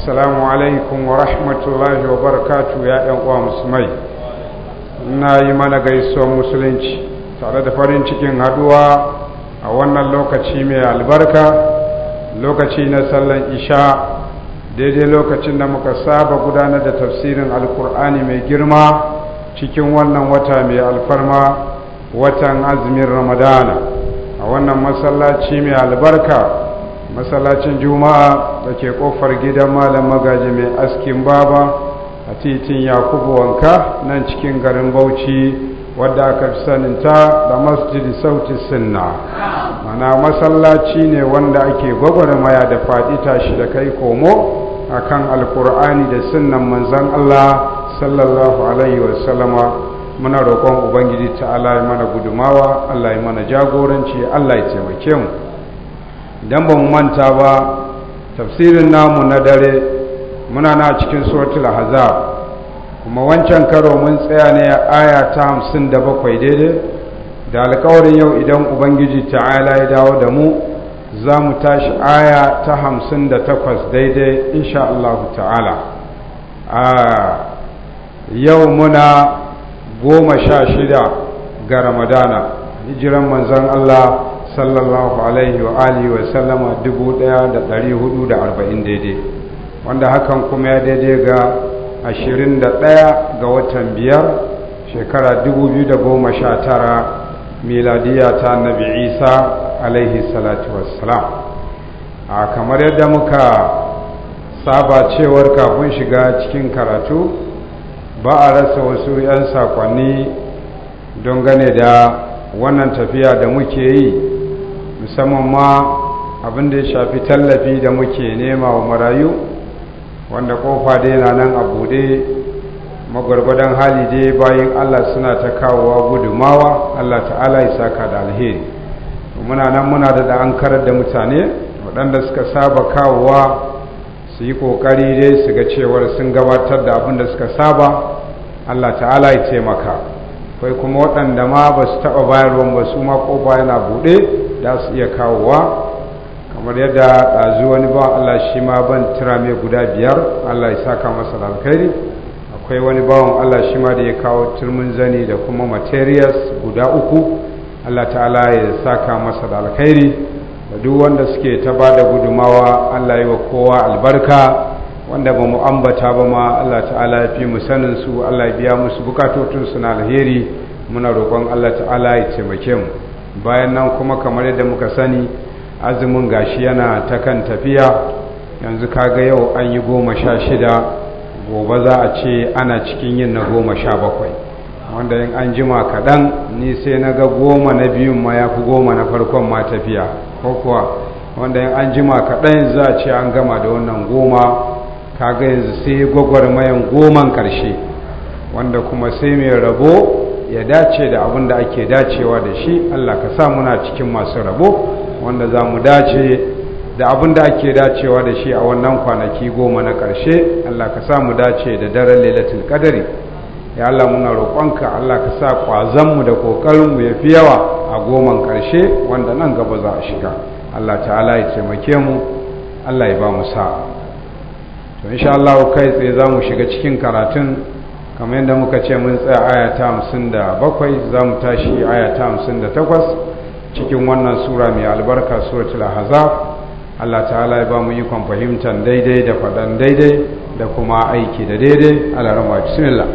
assalamu alaikum wa rahmatullahi wa barakatu ya yan uwa musulmai na yi mana gaisuwan musulunci tare da farin cikin haduwa a wannan lokaci mai albarka lokaci na sallan isha daidai lokacin da muka saba gudanar da tafsirin alkur'ani mai girma cikin wannan wata mai alfarma watan azumin ramadana a wannan masallaci mai albarka masallacin juma'a da ke kofar gidan malam magaji mai askin baba a titin yakubu wanka nan cikin garin bauchi wadda aka fi saninta da masjidi sauti sinna mana masallaci ne wanda ake gwagwarmaya da faɗi tashi da kai komo A akan alkur'ani da sunnan manzan allah sallallahu alaihi wasallama muna roƙon ubangiji ta Allah mana gudumawa Allah ya mana jagoranci Allah ya taimake mu idan ba mu manta ba tafsirin namu na dare muna na cikin suratul hazab kuma wancan karo mun tsaya ne a aya ta hamsin da bakwai daidai da alkawarin yau idan ubangiji ta'ala ya dawo da mu za mu tashi aya ta hamsin da takwas daidai insha Allah ta'ala yau muna goma sha shida ga ramadana hijiran manzan Allah sallallahu alaihi wa alihi wa sallama 1440 daidai wanda hakan kuma ya daidai ga 21 ga watan biyar shekara 2019 miladiya ta annabi isa alaihi salatu wassalam a kamar yadda muka saba cewar kafin shiga cikin karatu ba a rasa wasu 'yan sakonni don gane da wannan tafiya da muke yi musamman ma abin da ya shafi tallafi da muke nema wa marayu wanda kofa da yana nan a buɗe magwargwadon hali dai bayan allah suna ta kawowa gudumawa allah ta'ala ya saka da alheri muna nan muna da da an karar da mutane waɗanda suka saba kawowa su yi ƙoƙari dai su ga cewar sun gabatar da abin da suka saba allah ta'ala ya taimaka kai kuma waɗanda ma ba su taɓa bayarwa ba su ma ƙofa yana buɗe da su iya kawowa kamar yadda ɗazu wani ba Allah shi ma ban tira mai guda biyar Allah ya saka masa alkhairi akwai wani bawan Allah shi ma da ya kawo turmin zani da kuma materials guda uku Allah ta'ala ya saka masa alkhairi da duk wanda suke ta ba da gudumawa Allah yi kowa albarka wanda ba mu ambata ba ma Allah ta'ala ya fi mu sanin su Allah ya biya musu su na alheri muna roƙon Allah ta'ala ya taimake mu bayan nan kuma kamar yadda muka sani azumin gashi yana ta kan tafiya yanzu kaga yau an yi goma sha shida gobe za a ce ana cikin yin na goma sha bakwai wanda in an jima kaɗan ni sai na ga goma na biyun ma ya fi goma na farkon ma tafiya ko kuwa wanda in an jima kaɗan za a ce an gama da wannan goma kaga yanzu sai gwagwarmayan goman ƙarshe wanda kuma sai mai rabo ya dace da abin da ake dacewa da shi Allah ka sa muna cikin masu rabo wanda za mu dace da abin da ake dacewa da shi a wannan kwanaki goma na ƙarshe Allah ka sa mu dace da daren lailatul ƙadari. ya Allah muna roƙonka Allah ka sa ƙwazonmu da ƙoƙarinmu ya fi yawa a goman ƙarshe wanda nan gaba za a shiga Allah ta'ala ya taimake mu Allah ya ba mu sa'a to insha Allah kai tsaye za mu shiga cikin karatun kamar yadda muka ce mun tsaya aya ta hamsin da bakwai za mu tashi aya ta hamsin da takwas cikin wannan sura mai albarka suratul hazaf Allah ta'ala ya ba mu ikon fahimtar daidai da faɗan daidai da kuma aiki da daidai alarama bismillah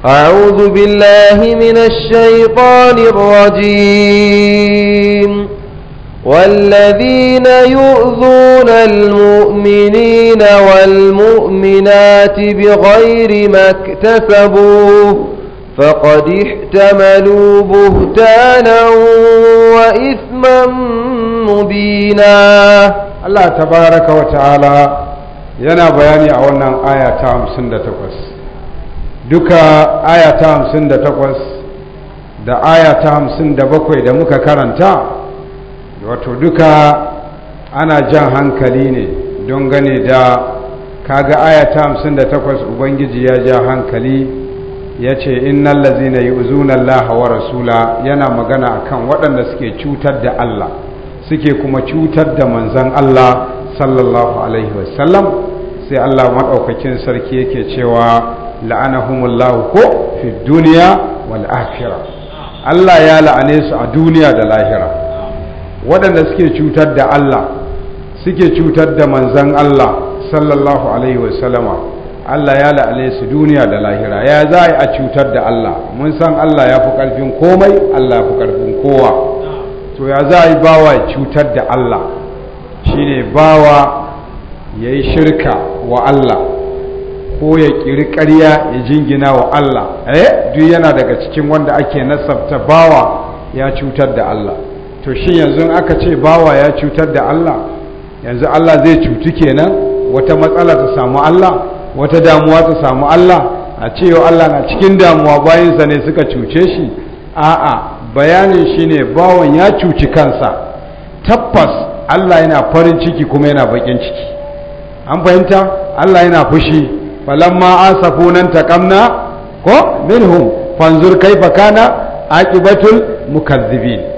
أعوذ بالله من الشيطان الرجيم والذين يؤذون المؤمنين والمؤمنات بغير ما اكتسبوه فقد احتملوا بهتانا وإثما مبينا الله تبارك وتعالى yana bayani a wannan aya hamsin da takwas duka aya hamsin da takwas da aya hamsin da bakwai da muka karanta wato duka ana jan hankali ne don gane da kaga aya ta hamsin da takwas ubangiji ya ja hankali ya ce innan lazina yi wa rasula yana magana akan waɗanda suke cutar da Allah suke kuma cutar da manzan Allah sallallahu alaihi wasallam sai Allah maɗaukakin sarki yake cewa la'anahumullahu ko fi duniya wal akhirah Allah ya la'ane su a duniya da lahira waɗanda suke cutar da Allah suke cutar da manzan Allah sallallahu alaihi wasallama Allah ya la'ale su duniya da lahira ya za a cutar da Allah mun san Allah ya fi ƙarfin komai Allah ya fi ƙarfin kowa to ya za a yi bawa cutar da Allah shine bawa ya yi shirka wa Allah ko ya ƙiri ƙarya ya jingina wa Allah eh duk yana daga cikin wanda ake nasabta bawa ya cutar da Allah to shi yanzu aka ce bawa ya cutar da Allah yanzu Allah zai cuti kenan wata matsala ta samu Allah wata damuwa ta samu Allah a ce cewa Allah na cikin damuwa bayansa ne suka cuce shi a'a bayanin shi ne bawan ya cuci kansa tabbas Allah yana farin ciki kuma yana baƙin ciki an fahimta Allah yana fushi falamma asafunan taqamna ko minhum fanzur kaifa kana aqibatul mukazzibin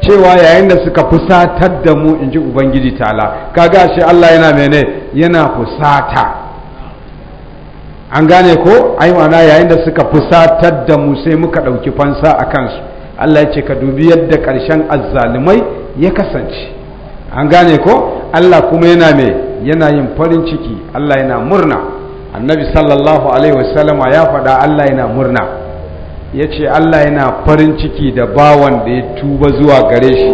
cewa yayin da suka fusatar da mu in ji ubangiji ta'ala kaga shi Allah yana mene yana fusata an gane ko ai ma'ana yayin da suka fusatar da mu sai muka ɗauki fansa a kansu Allah ya ce ka dubi yadda karshen azzalumai ya kasance an gane ko Allah kuma yana me yana yin farin ciki Allah yana murna annabi sallallahu alaihi wasallama ya faɗa Allah yana murna ya ce Allah yana farin ciki da bawan da ya tuba zuwa gare shi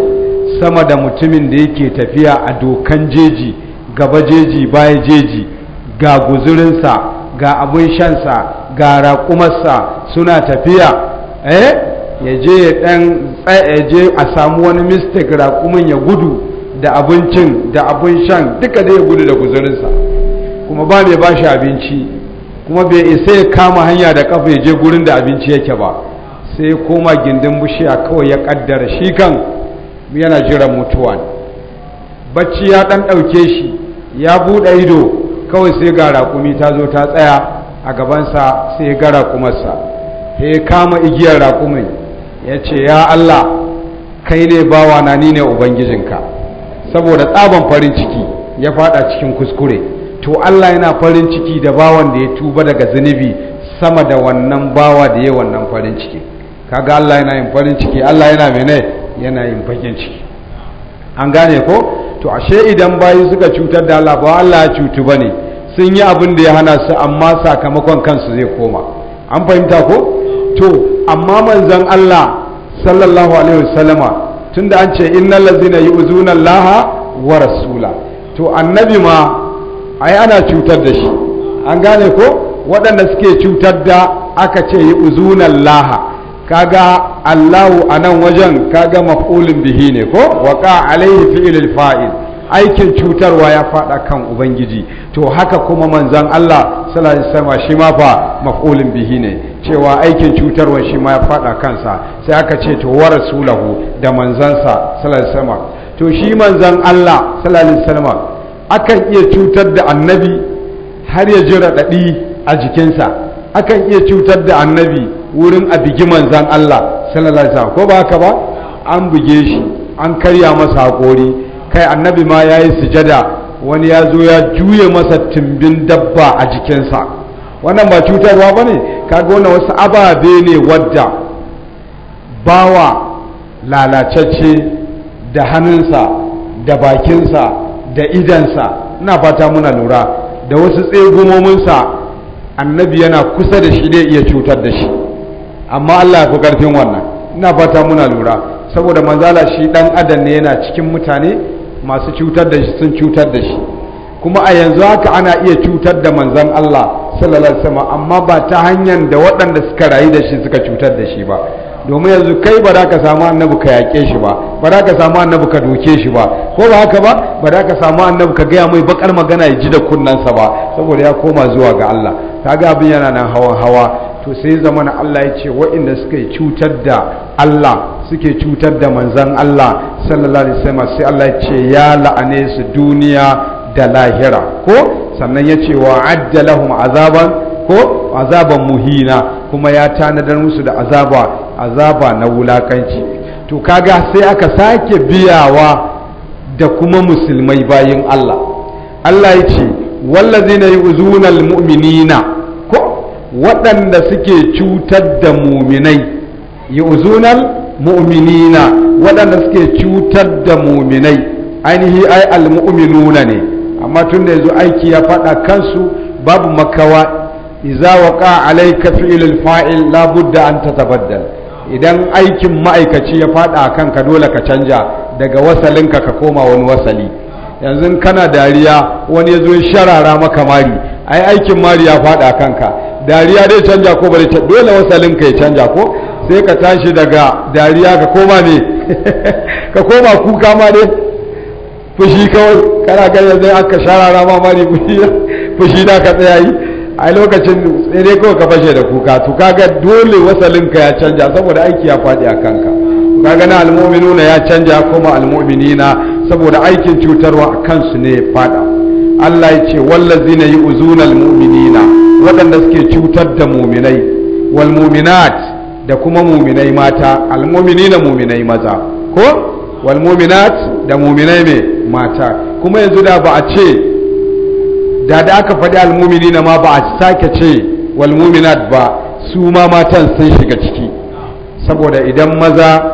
sama da mutumin da yake tafiya a dokan jeji gaba jeji baya jeji ga guzurinsa ga abin shansa ga raƙumarsa suna tafiya eh ya je ɗan tsaye a samu wani mistik raƙumin ya gudu da abincin da abin shan duka da ya gudu da guzurinsa kuma ba mai ba shi abinci kuma bai isa ya kama hanya da kafa ya je gurin da abinci yake ba sai koma gindin bishiya kawai ya kaddara shi kan yana jiran mutuwa bacci ya dan dauke shi ya bude ido kawai sai ga raƙumi ta zo ta tsaya a gabansa sai ya ga raƙumarsa sai kama igiyar raƙumin ya ce ya Allah kai ne bawa na ni ne ubangijinka saboda tsaban farin ciki ya fada cikin kuskure to Allah yana farin ciki da bawan da ya tuba daga zunubi sama da wannan bawa da ya wannan farin ciki kaga Allah yana yin farin ciki Allah yana mene yana yin bakin ciki an gane ko to ashe idan bayi suka cutar da Allah ba Allah ya cutu bane sun yi abin da ya hana su amma sakamakon kansu zai koma an fahimta ko to amma manzon Allah sallallahu alaihi wasallama tunda an ce innal ladzina yu'zuna Allah wa rasula to annabi ma ai ana cutar da shi an gane ko waɗanda suke cutar da aka ce yi uzunan laha kaga allahu a nan wajen kaga maf'ulin bihi ne ko waka alaihi fi'ilil fa'il aikin cutarwa ya faɗa kan ubangiji to haka kuma manzan Allah sallallahu alaihi wasallam shi ma fa maf'ulin bihi ne cewa aikin cutarwa shi ma ya faɗa kansa sai aka ce to wa rasulahu da manzansa sallallahu alaihi to shi manzan Allah sallallahu alaihi akan iya cutar da annabi har ya ji raɗaɗi a jikinsa akan iya cutar da annabi wurin a bigi manzan Allah sallallahu alaihi ko ba haka ba an buge shi an karya masa hakori kai annabi ma yayi sujada wani ya zo ya juye masa tumbin dabba a jikinsa wannan ba cutarwa ba ne kaga wannan wasu ababe ne wadda bawa lalacacce da hannunsa da bakinsa da idansa ina fata muna lura da wasu tsegumominsa annabi yana kusa da shi dai iya cutar da shi amma Allah ya fi karfin wannan ina fata muna lura saboda manzala shi ɗan adam ne yana cikin mutane masu cutar da shi sun cutar da shi kuma a yanzu haka ana iya cutar da manzan Allah sallallahu alaihi wasallam amma ba ta hanyar da waɗanda suka rayu da shi suka cutar da shi ba domin yanzu kai ba za ka samu annabi ka yaƙe shi ba ba za ka samu annabi ka doke shi ba ko ba haka ba ba za ka samu annabi ka gaya mai bakar magana ya ji da kunnansa ba saboda ya koma zuwa ga Allah taga abin yana nan hawan hawa to sai zamana Allah ya ce waɗanda suka yi cutar da Allah suke cutar da manzan Allah sallallahu alaihi wasallam sai Allah ya ce ya la'ane duniya da lahira ko sannan ya ce wa ajjalahum azaban ko azaban muhina kuma ya tanadar musu da azaba azaba na wulakanci to kaga sai aka sake biyawa da kuma musulmai bayin Allah Allah ya ce wallazina yu'zuna almu'minina ko waɗanda suke cutar da muminai yu'zuna mu'minina waɗanda suke cutar da muminai ainihi ai almu'minuna ne amma tun da yanzu aiki ya faɗa kansu babu makawa iza waqa alayka fi'lul fa'il la budda an tatabaddal idan aikin ma'aikaci ya fada akan ka dole ka canja daga wasalinka ka koma wani wasali yanzu kana dariya wani ya zo sharara maka mari ai aikin mari ya fada kanka dariya dai canja ko bare dole wasalinka ya canja ko sai ka tashi daga dariya ka koma ne ka koma kuka ma dai fushi kawai kana ganin yanzu aka sharara ma mari fushi da ka tsaya yi ai lokacin sai dai kawai ka fashe da kuka to kaga dole wasalinka ya canja saboda aiki ya faɗi a kanka kaga na almu'minuna ya canja kuma almu'minina saboda aikin cutarwa kansu ne faɗa Allah ya ce wallazina yu'zuna almu'minina waɗanda suke cutar da mu'minai wal da kuma mu'minai mata almu'minina mu'minai maza ko wal da mu'minai me mata kuma yanzu da ba a ce da da aka faɗi almuminina ma ba a sake ce walmuminat ba su ma matan sun shiga ciki saboda idan maza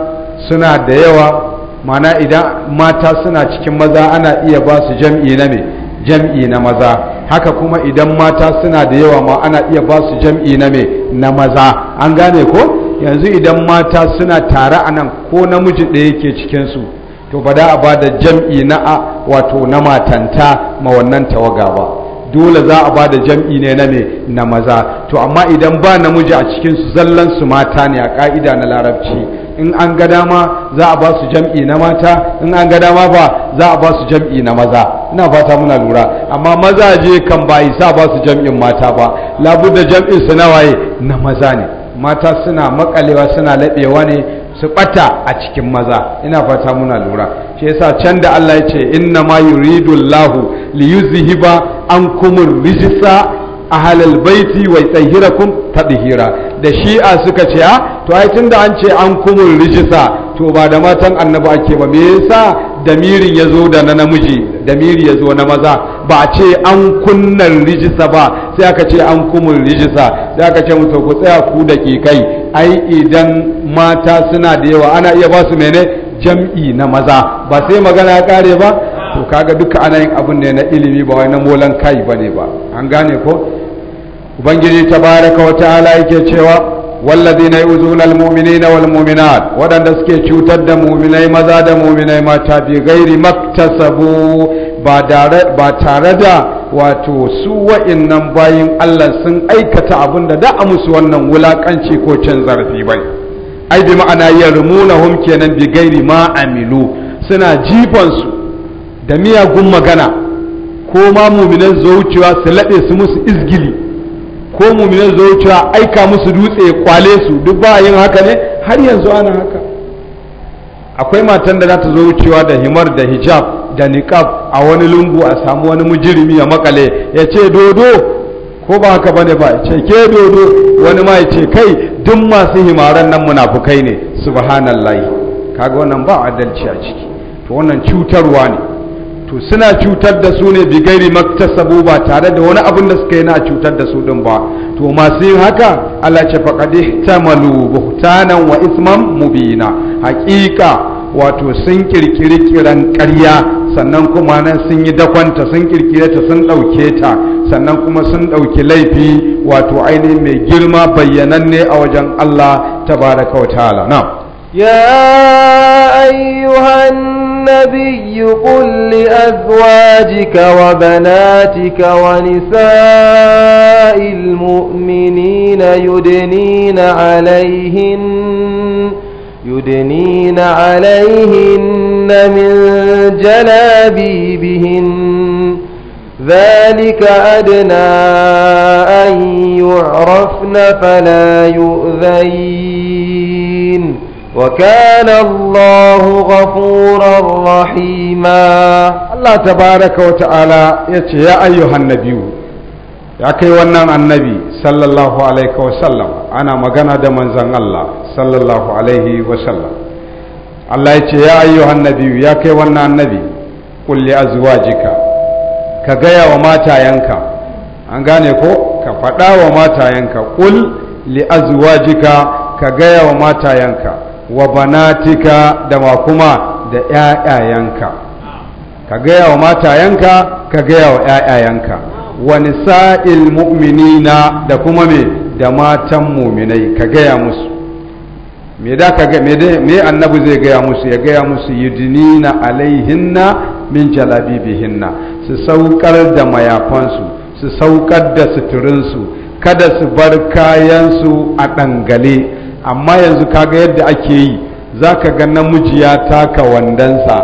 suna da yawa mana idan mata suna cikin maza ana iya ba su jam'i na me jam'i na maza haka kuma idan mata suna da yawa ma ana iya ba su jam'i na me na maza an gane ko yanzu idan mata suna tare a nan ko namiji ɗaya yake cikinsu to ba da a ba da jam'i na a wato na matanta ma wannan tawaga ba dole za a ba da jam'i ne na me na maza to amma idan ba namiji a su zallan su mata ne a ka'ida na larabci in an ga dama za a ba su jam'i na mata in an ga dama ba za a ba su jam'i na maza ina fata muna lura amma mazaje kan ba sa ba su jam'in mata ba da jam'in su na waye na maza ne mata suna makalewa suna laɓewa ne su ɓata a cikin maza ina fata muna lura shi yasa can da Allah ya ce inna ma yuridu Allahu li yuzhiba ankum rijsa ahal baiti wa yutahhirakum tadhira da shi'a suka ce ah, to ai tunda an ce an rijsa to ba da matan annabi ake ba me yasa damirin ya zo da na namiji damiri ya zo na maza ba a ce an kunnan rijisa ba sai aka ce an kumun rijisa sai aka ce mutum ku tsaya ku da kai ai idan mata suna da yawa ana iya ba su mene jam'i na maza ba sai magana ya kare ba to kaga duka ana yin abin ne na ilimi ba wai na molan kai bane ba an gane ko ubangiji tabaraka wa ta'ala yake cewa والذين يؤذون المؤمنين والمؤمنات waɗanda دسكي تشوتر دا مؤمني مذا دا مؤمني ماتا بغير ما اكتسبوا ba tare da wato su wa'innan bayin Allah sun aikata abin da da a musu wannan wulakanci ko cin zarafi bai ai bi ma'ana yarmunahum kenan bi gairi ma amilu suna jifan su da miyagun magana ko ma muminan zuciya su laɗe su musu izgili ko muminan zo aika musu dutse kwale su duk ba yin haka ne har yanzu ana haka akwai matan da za ta zo wucewa da himar da hijab da niqab a wani lungu a samu wani mujirimi ya makale ya ce dodo ko ba haka bane ba ya ce ke dodo wani ma ya ce kai duk masu himaran nan munafukai ne subhanallahi kaga wannan ba adalci a ciki to wannan cutarwa ne to suna cutar da su ne bigairi maktasabu ba tare da wani abin da suka yi na cutar da su din ba to masu yin haka Allah ce faqad tamalu buhtanan wa isman mubina haqiqa wato sun kirkiri kiran ƙarya sannan kuma nan sun yi dakwanta sun kirkire ta sun ɗauke ta sannan kuma sun ɗauki laifi wato ainihin mai girma bayyananne a wajen Allah tabaraka wa ta'ala na ya ayyuhan النبي قل لأزواجك وبناتك ونساء المؤمنين يدنين عليهن يدنين عليهن من جلابيبهن ذلك أدنى أن يعرفن فلا يؤذين وكان الله غفورا رحيما الله تبارك وتعالى يا ايها النبي ya kai wannan annabi sallallahu alaihi wa sallam. ana magana da manzan Allah sallallahu alaihi wa sallam. Allah ya ce ya ayyuhan annabi ya kai wannan annabi qul li azwajika ka gaya wa matayanka an gane ko ka faɗa wa matayanka kul li azwajika ka gaya wa matayanka wa banatika da ma kuma da ‘ya'yayanka ka gaya wa matayanka ka gaya wa ‘ya'yayanka wani sa'il mu'minina da kuma me da matan muminai ka gaya musu me da ka ga me annabi zai gaya musu ya gaya musu yudinina alaihinna min jalabibihinna su saukar da mayafansu su saukar da suturinsu kada su bar kayansu a dangale. amma yanzu kaga yadda ake yi za ka ga namiji ya taka wandansa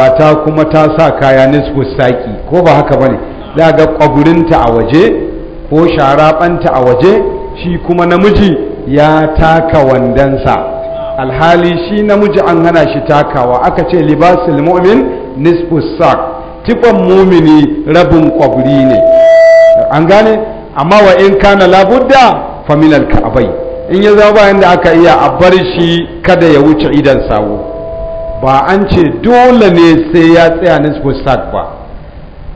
mata kuma ta sa kaya nisfu saki ko ba haka bane za ga kwagurinta a waje ko sharaɓanta a waje shi kuma namiji ya taka wandansa alhali shi namiji an hana shi takawa aka ce libasul mu'min nisfu sak tifan mumini rabin kwaguri ne an gane amma wa in kana labudda faminal ka'abai in ya zama bayan da aka iya a bar shi kada ya wuce idan sawo ba an ce dole ne sai ya tsaya nisfu sat ba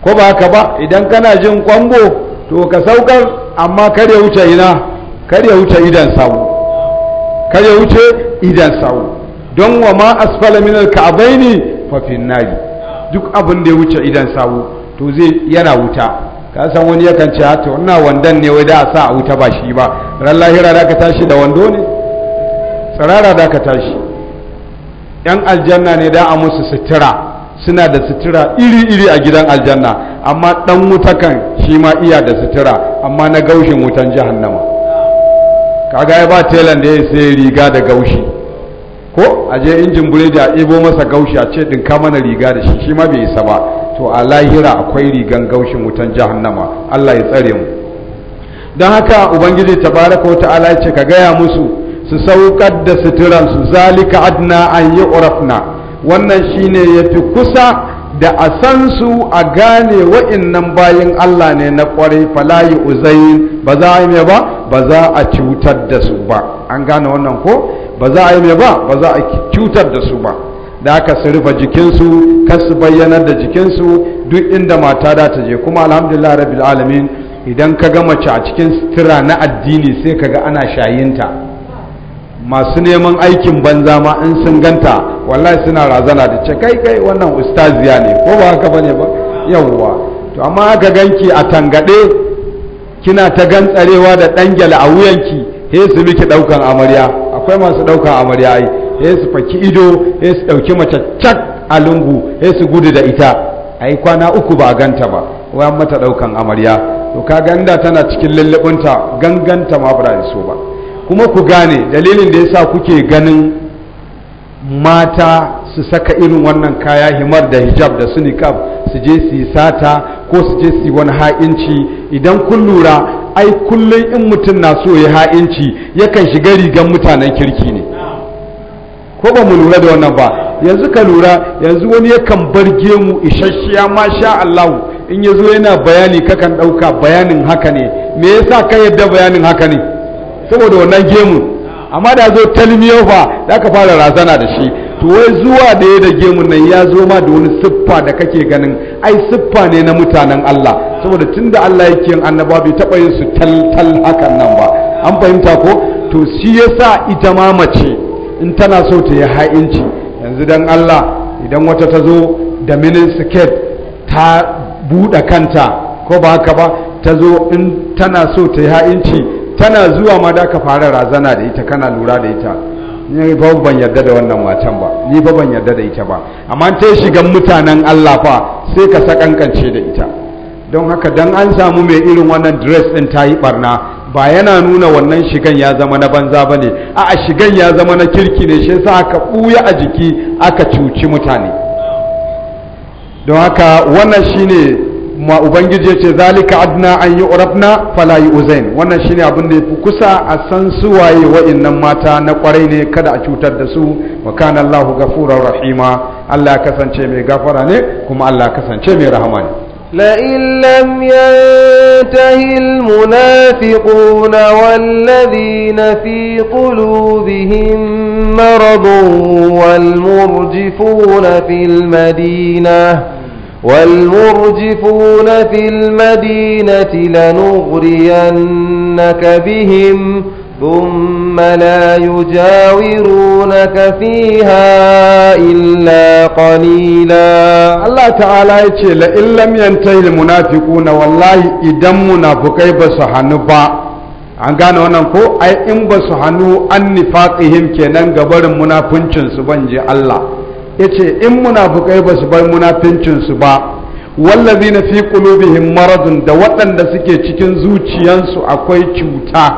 ko ba haka ba idan kana jin kwango to ka saukar amma kar ya wuce ina kar ya wuce idan sawo kar ya wuce idan sawo don wa ma asfala min alka'baini ne nari duk abin da ya wuce idan sawo to zai yana wuta ka san wani yakan ce ah, to ina wandan ne wai da a sa a wuta ba shi ba ran lahira da ka tashi da wando ne tsirara da ka tashi yan aljanna ne da a musu sutura suna da sutura iri-iri a gidan aljanna amma ɗan wuta kan shi ma iya da sutura amma na gaushin wutan jahannama kaga ya ba telan da ya sai riga da gaushi ko a je injin bureji a ibo masa gaushi a ce ɗinka mana riga da shi shi ma bai isa ba to a lahira akwai rigan gaushin wutan jahannama Allah ya tsare mu don haka ubangiji tabaraka wata'ala ce ka gaya musu su saukar da suturan su zalika adna an yi urafna wannan shine fi kusa da a san su a gane wa'innan bayan Allah ne na kwarai falayi uzai ba za a yi ba ba za a cutar da su ba an gane wannan ko ba za a yi ba ba za a cutar da su ba da aka su rufe jikinsu kar su bayyanar da jikinsu duk inda mata da ta je kuma alhamdulillah rabbil alamin idan ka ga mace a cikin sutura na addini sai ka ga ana shayinta masu neman aikin banza ma in sun ganta wallahi suna razana da ce kai kai wannan ustaziya ne ko ba haka bane ba yawwa to amma aka ganki a tangade kina ta gantsarewa da dangyal a wuyanki he su miki daukan amarya akwai masu daukan amarya ai he su faki ido he su dauki mace cak a lungu he su gudu da ita ai kwana uku ba a ganta ba wayan mata daukan amarya to ka ganda tana cikin lallabinta ganganta ma ba so ba kuma ku gane dalilin da yasa kuke ganin mata su saka irin wannan kaya himar da hijab da su niqab su je su yi sata ko su je su yi wani ha'inci idan kun lura ai kullum in mutum na so ya ha'inci yakan shiga rigan mutanen kirki ne ko ba mu lura da wannan ba yanzu ka lura yanzu wani yakan bar gemu isasshiya ma sha Allah in ya zo yana bayani kakan ɗauka bayanin haka ne me yasa ka yadda bayanin haka ne saboda wannan gemu amma da zo talmiyofa da aka fara razana da shi to wai zuwa da ya da gemun nan ya zo ma da wani siffa da kake ganin ai siffa ne na mutanen Allah saboda tunda Allah yake yin annaba bai taɓa yin su tal tal hakan nan ba an fahimta ko to shi yasa ita ma mace in tana so ta yi ha'inci yanzu dan Allah idan wata ta zo da minin skirt ta buɗe kanta ko ba haka ba ta zo in tana so ta yi ha'inci tana zuwa ma da ka fara razana da ita kana lura da ita ni ba ban yarda da wannan matan ba ni ba ban yarda da ita ba amma ta shigan mutanen Allah fa sai ka sakankance da ita don haka dan an samu mai irin wannan dress din ta yi barna ba yana nuna wannan shigan ya zama na banza ba ne a shigan ya zama na kirki ne shi yasa aka buya a jiki aka cuci mutane don haka wannan shine ma ubangiji ce zalika adna an yi urafna fala yi uzain wannan shine abin da ya fi kusa a san suwaye wa'innan mata na kwarai ne kada a cutar da su wa kana Allahu ghafurur rahima Allah ya kasance mai gafara ne kuma Allah ya kasance mai rahama ne لئن لم ينته المنافقون والذين في قلوبهم مرض والمرجفون في المدينة والمرجفون في المدينة لنغرينك بهم ثم لا يجاورونك فيها إلا قليلا الله تعالى يقول إن لم ينتهي المنافقون والله إذا منافقين بسحنبا an gane wannan ko ai in ba su hannu an nifaƙihim kenan gabarin munafuncinsu ban je Allah yace in munafukai ba su bar munafincinsu ba wallazi na fi qulubihim maradun da waɗanda suke cikin zuciyansu akwai cuta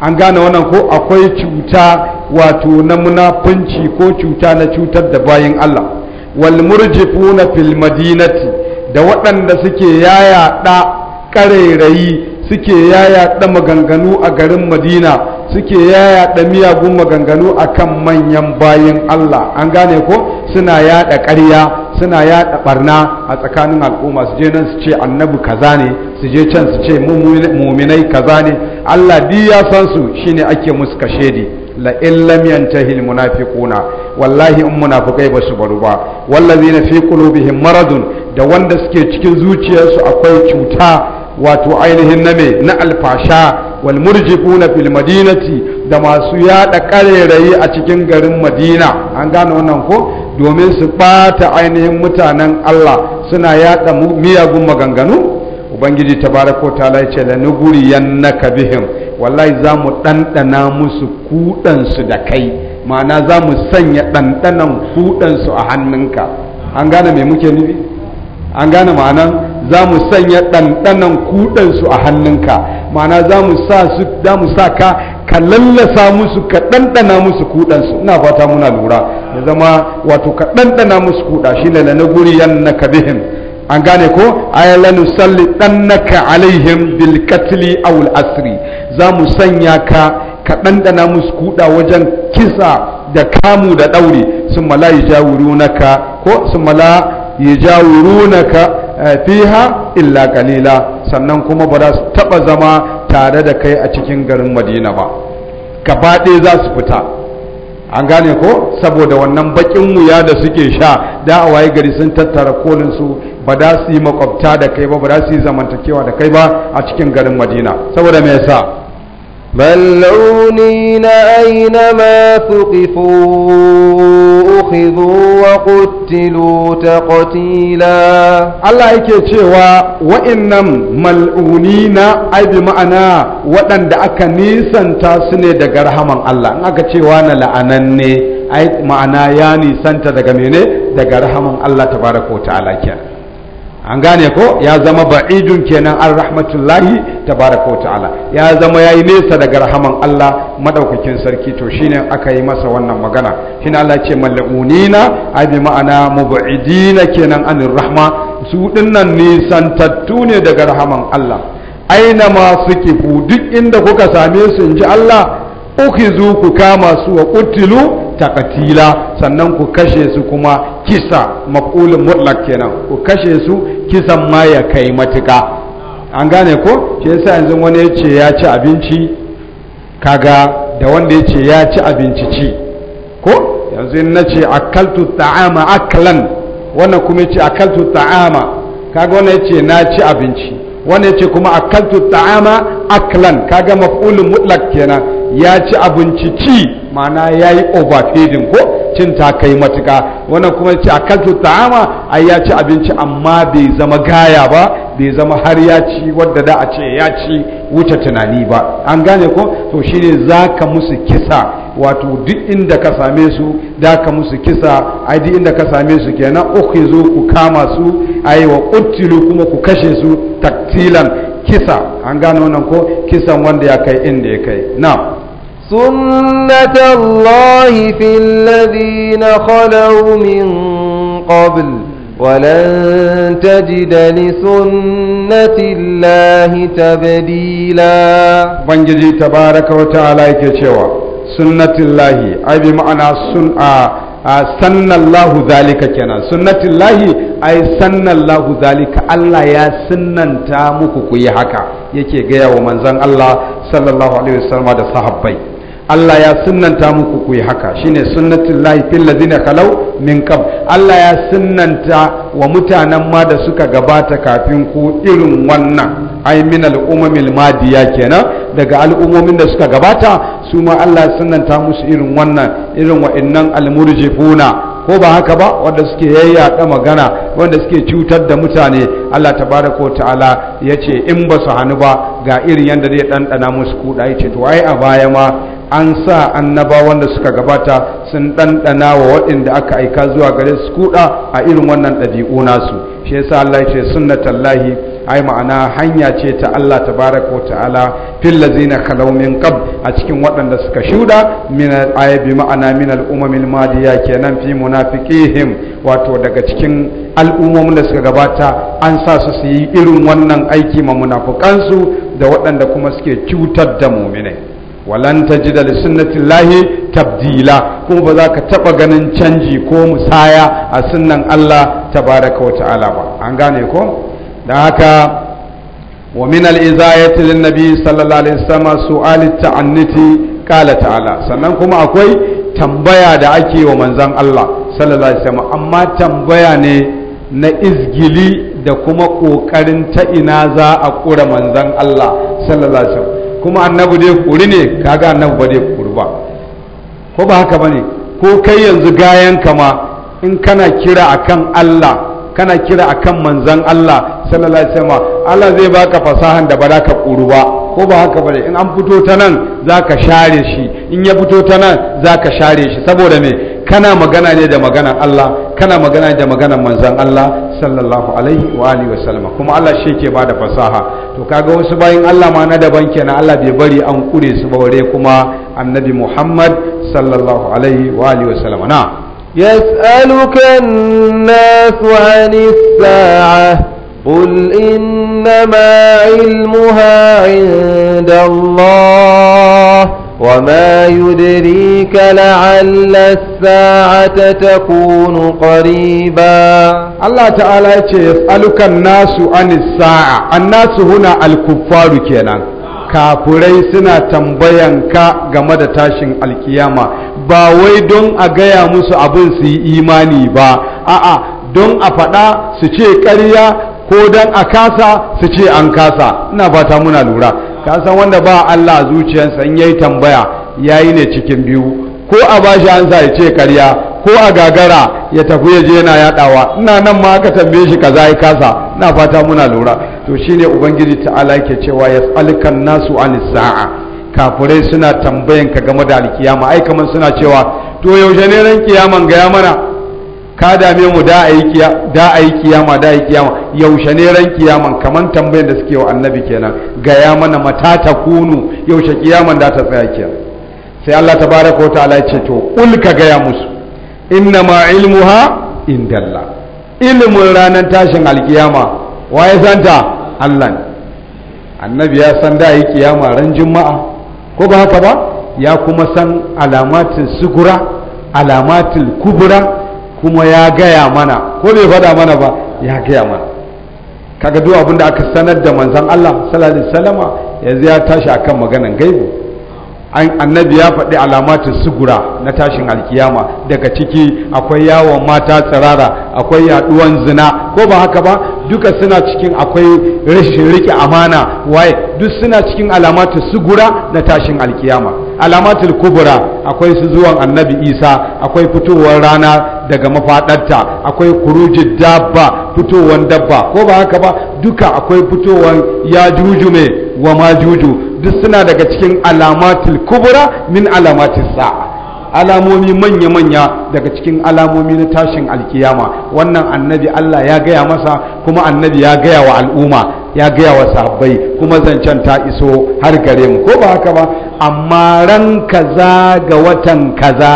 an gane wannan ko akwai cuta wato na munafunci ko cuta na cutar da bayin Allah wal murjifuna fil madinati da waɗanda suke yaya da ƙarairayi suke yaya da maganganu a garin Madina suke yaya da miyagun maganganu akan manyan bayin Allah an gane ko suna yada ƙarya suna yada barna a tsakanin al'umma su je nan su ce annabi kaza ne su je can su ce muminai kaza ne Allah bi ya san su shine ake musu kashe la illam yantahi almunafiquna wallahi in munafiqai basu baru ba wallazina fi qulubihim maradun da wanda suke cikin zuciyarsu akwai cuta wato ainihin na na alfasha wal murjifuna fil madinati da masu yada karerayi a cikin garin madina an gane wannan ko domin su ɓata ainihin mutanen Allah suna yada miyagun maganganu ubangiji tabaraka da yace la nuguriyannaka bihim wallahi za mu ɗanɗana musu kuɗansu da kai ma'ana za mu sanya ɗanɗanan kuɗansu a hannunka an gane mai muke nufi an gane ma'ana za mu sanya ɗanɗanan kuɗansu a hannunka ma'ana za mu sa ka ka lallasa musu ka ɗanɗana musu kuɗansu ina fata muna lura ya zama wato ka ɗanɗana musu kuɗa shi ne na guri na ka bihim an gane ko ayyalanu salli ɗannaka alaihim bil katli asri za mu sanya ka ka ɗanɗana musu kuɗa wajen kisa da kamu da ɗauri sun mala yi jawurunaka ko sun mala yi jawurunaka Eh, fiha illa kalila sannan kuma ba za su taɓa zama tare da kai a cikin garin madina ba gaba ɗaya za su fita an gane ko saboda wannan bakin wuya da suke sha da a waye gari sun tattara kolin su ba da su yi makwabta da kai ba ba da su yi zamantakewa da kai ba a cikin garin madina saboda me yasa ملعونين أينما ثقفوا أخذوا وقتلوا تقتيلا الله يكي تشيوا وإنم ملعونين أي بمعنى وأن دعك نيسا تاسني دقرها من الله نكي تشيوانا لأنني أي معنى يعني سنت دقميني دقرها من الله تبارك وتعالى كيانا an gane ko ya zama ba'idun kenan an rahmatullahi tabaraka ta'ala ya zama yayi nesa daga rahaman Allah madaukakin sarki to shine aka yi masa wannan magana shi Allah ce mal'unina ai bi ma'ana mub'idina kenan an rahma su dinnan nisantattu ne daga rahaman Allah aina masu suke duk inda kuka same su inji Allah ukizu ku kama su wa kutilu takatila sannan ku kashe su kuma kisa makulin mutlaq kenan ku kashe su kisan ma ya kai matuka an gane ko shi yasa yanzu wani ya ce ya ci abinci kaga da wanda ya ce ya ci abinci ci ko yanzu in na ce akaltu ta'ama akalan wannan kuma ya ce akaltu ta'ama kaga wannan ya ce na ci abinci ya ce kuma akaltu ta'ama aklan kaga maf'ulun mutlak kenan ya ci abinci ci ma'ana yayi overfeeding ko cin ta kai matuka wannan kuma yace akaltu ta'ama ai ya ci abinci amma bai zama gaya ba bai zama har ya ci wadda da a ce ya ci wuce tunani ba an gane ko to shine ka musu kisa wato duk inda ka same su da ka musu kisa ai duk inda ka same su kenan zo ku kama su ai wa qutilu kuma ku kashe su taktilan kisa an gane wannan ko kisan wanda ya kai inda ya kai na. sunnata الله في ladina خلوا min قبل ولن تجد لسنة الله تبديلا بنجي تبارك cewa كشوا سنة الله أي بمعنى سنة sanna Allahu zalika kenan sunnatullahi ai sanna Allahu zalika Allah ya sunnanta muku ku yi haka yake gaya wa manzon Allah sallallahu alaihi wasallam da sahabbai Allah ya sunanta muku ku yi haka shine lahi fil ladina kalau min qab Allah ya sunanta wa mutanen ma da suka gabata kafin ku irin wannan ai min madiya kenan daga al'umomin da suka gabata su ma Allah ya sunanta musu irin wannan irin wa almurji almurjifuna ko ba haka ba wanda suke yayyaɗa magana wanda suke cutar da mutane Allah tabaraka wa ta'ala ya ce in ba su hannu ba ga irin yadda zai ɗanɗana musu kuɗa ya ce to ai a baya ma an sa annabawan da suka gabata sun ɗanɗana wa waɗanda aka aika zuwa gare su kuɗa a irin wannan ɗabi'u nasu shi yasa Allah ya ce tallahi ai ma'ana hanya ce ta Allah tabaraka wa ta'ala fil ladzina khalaw min qab a cikin waɗanda suka shuda min ay bi ma'ana min al umamil madiya kenan fi munafiqihim wato daga cikin al'ummomin da suka gabata an sa su su yi irin wannan aiki ma munafukansu da waɗanda kuma suke cutar da mu'minai walan tajida li sunnatillahi tabdila ko ba za ka taba ganin canji ko musaya a sunnan Allah tabaraka wa ta'ala ba an gane ko dan haka wa min al-izayati lin nabi sallallahu alaihi wasallam su'al ta'anniti qala ta'ala sannan kuma akwai tambaya da ake wa manzan Allah sallallahu alaihi wasallam amma tambaya ne na izgili da kuma kokarin ta ina za a kura manzan Allah sallallahu alaihi wasallam kuma annabi dai kuri ne kaga annabi ba dai kuri ba ko ba haka bane ko kai yanzu gayan kama in kana kira akan Allah kana kira akan manzan Allah sallallahu alaihi wasallam Allah zai baka fasahan da ba za ka kuri ba ko ba haka bane in an fito ta nan zaka share shi in ya fito ta nan zaka share shi saboda me kana magana ne da maganan Allah kana magana da maganar manzon Allah sallallahu alaihi wa alihi wasallam kuma Allah shi ke bada fasaha to kaga wasu bayin Allah ma na daban kenan Allah bai bari an kure su ba bare kuma annabi Muhammad sallallahu alaihi wa alihi wasallam na yas'aluka an-nas 'anis sa'ah قل إنما علمها عند الله وما يدريك لعل الساعة تكون قريبا الله تعالى يسألك الناس عن الساعة الناس هنا الكفار كينا kafurai suna tambayan ka game da tashin alkiyama ba wai don a gaya musu abin su yi imani ba a'a don a faɗa su ce ƙarya ko don a kasa su ce an kasa ina fata muna lura kasan wanda ba Allah zuciyarsa in yayi tambaya yayi ne cikin biyu ko a bashi an sa ya ce karya ko a gagara ya tafi ya je yana yadawa ina nan ma aka tambaye shi kaza ya kasa ina fata muna lura to shine ubangiji ta'ala yake cewa yas'alukan nasu anis sa'a kafirai suna tambayan ka game da alkiyama ai kaman suna cewa to yaushe ne ran kiyaman ga ya mana ka dame mu da a yi kiyama da a yi kiyama yaushe ne ran kiyaman kamar tambayar da suke wa annabi kenan gaya mana mata ta kunu yaushe kiyaman da ta tsaya kenan sai Allah ta baraka wa ta'ala ce to kul ka gaya musu inna ma ilmuha indalla ilmin ranar tashin alkiyama waye santa Allah annabi ya san da yi kiyama ran juma'a ko ba haka ba ya kuma san alamatin sugura alamatin kubura kuma ya gaya mana ko bai faɗa mana ba ya gaya mana kaga duk abin da aka sanar da manzon Allah sallallahu alaihi wasallama yanzu ya tashi akan maganan gaibu annabi ya faɗi alamatin sugura na tashin alkiyama daga ciki akwai yawon mata tsirara akwai yaduwan zina ko ba haka ba duka suna cikin akwai rashin rike amana waye duk suna cikin alamatin sugura na tashin alkiyama alamatul kubura akwai su zuwan annabi isa akwai fitowar rana daga mafaɗarta akwai kurujin dabba fitowar dabba ko ba haka ba duka akwai fitowar ya juju wa ma juju duk suna daga cikin alamatul kubura min alamatis sa'a alamomi manya-manya daga cikin alamomi na tashin alkiyama wannan annabi Allah ya gaya masa kuma annabi ya gaya wa al'umma ya gaya wa sahabbai kuma zancen ta iso har gare mu ko ba haka ba amma ran kaza ga watan kaza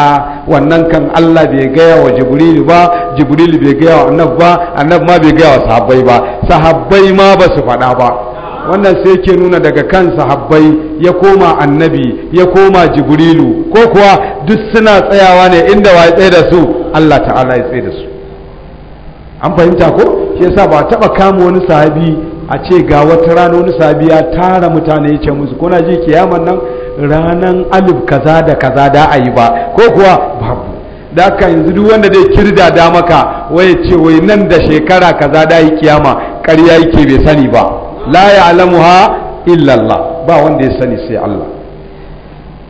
wannan kan Allah bai gaya wa jibrilu ba jibrilu bai gaya wa annab ba annab ma bai gaya wa sahabbai ba sahabbai ma ba su faɗa ba wannan sai ke nuna daga kan sahabbai ya koma annabi ya koma jibrilu ko kuwa duk suna tsayawa ne inda wa ya da su Allah ta'ala ya tsaye da su an fahimta ko shi yasa ba taba kama wani sahabi a ce ga wata rana wani sahabi ya tara mutane ya ce musu kuna ji kiyaman nan ranan alif kaza da kaza da a yi ba ko kuwa babu da haka yanzu duk wanda zai kirda da maka wai ce wai nan da shekara kaza da yi kiyama ƙarya yake bai sani ba la ya'lamuha illa Allah ba wanda ya sani sai Allah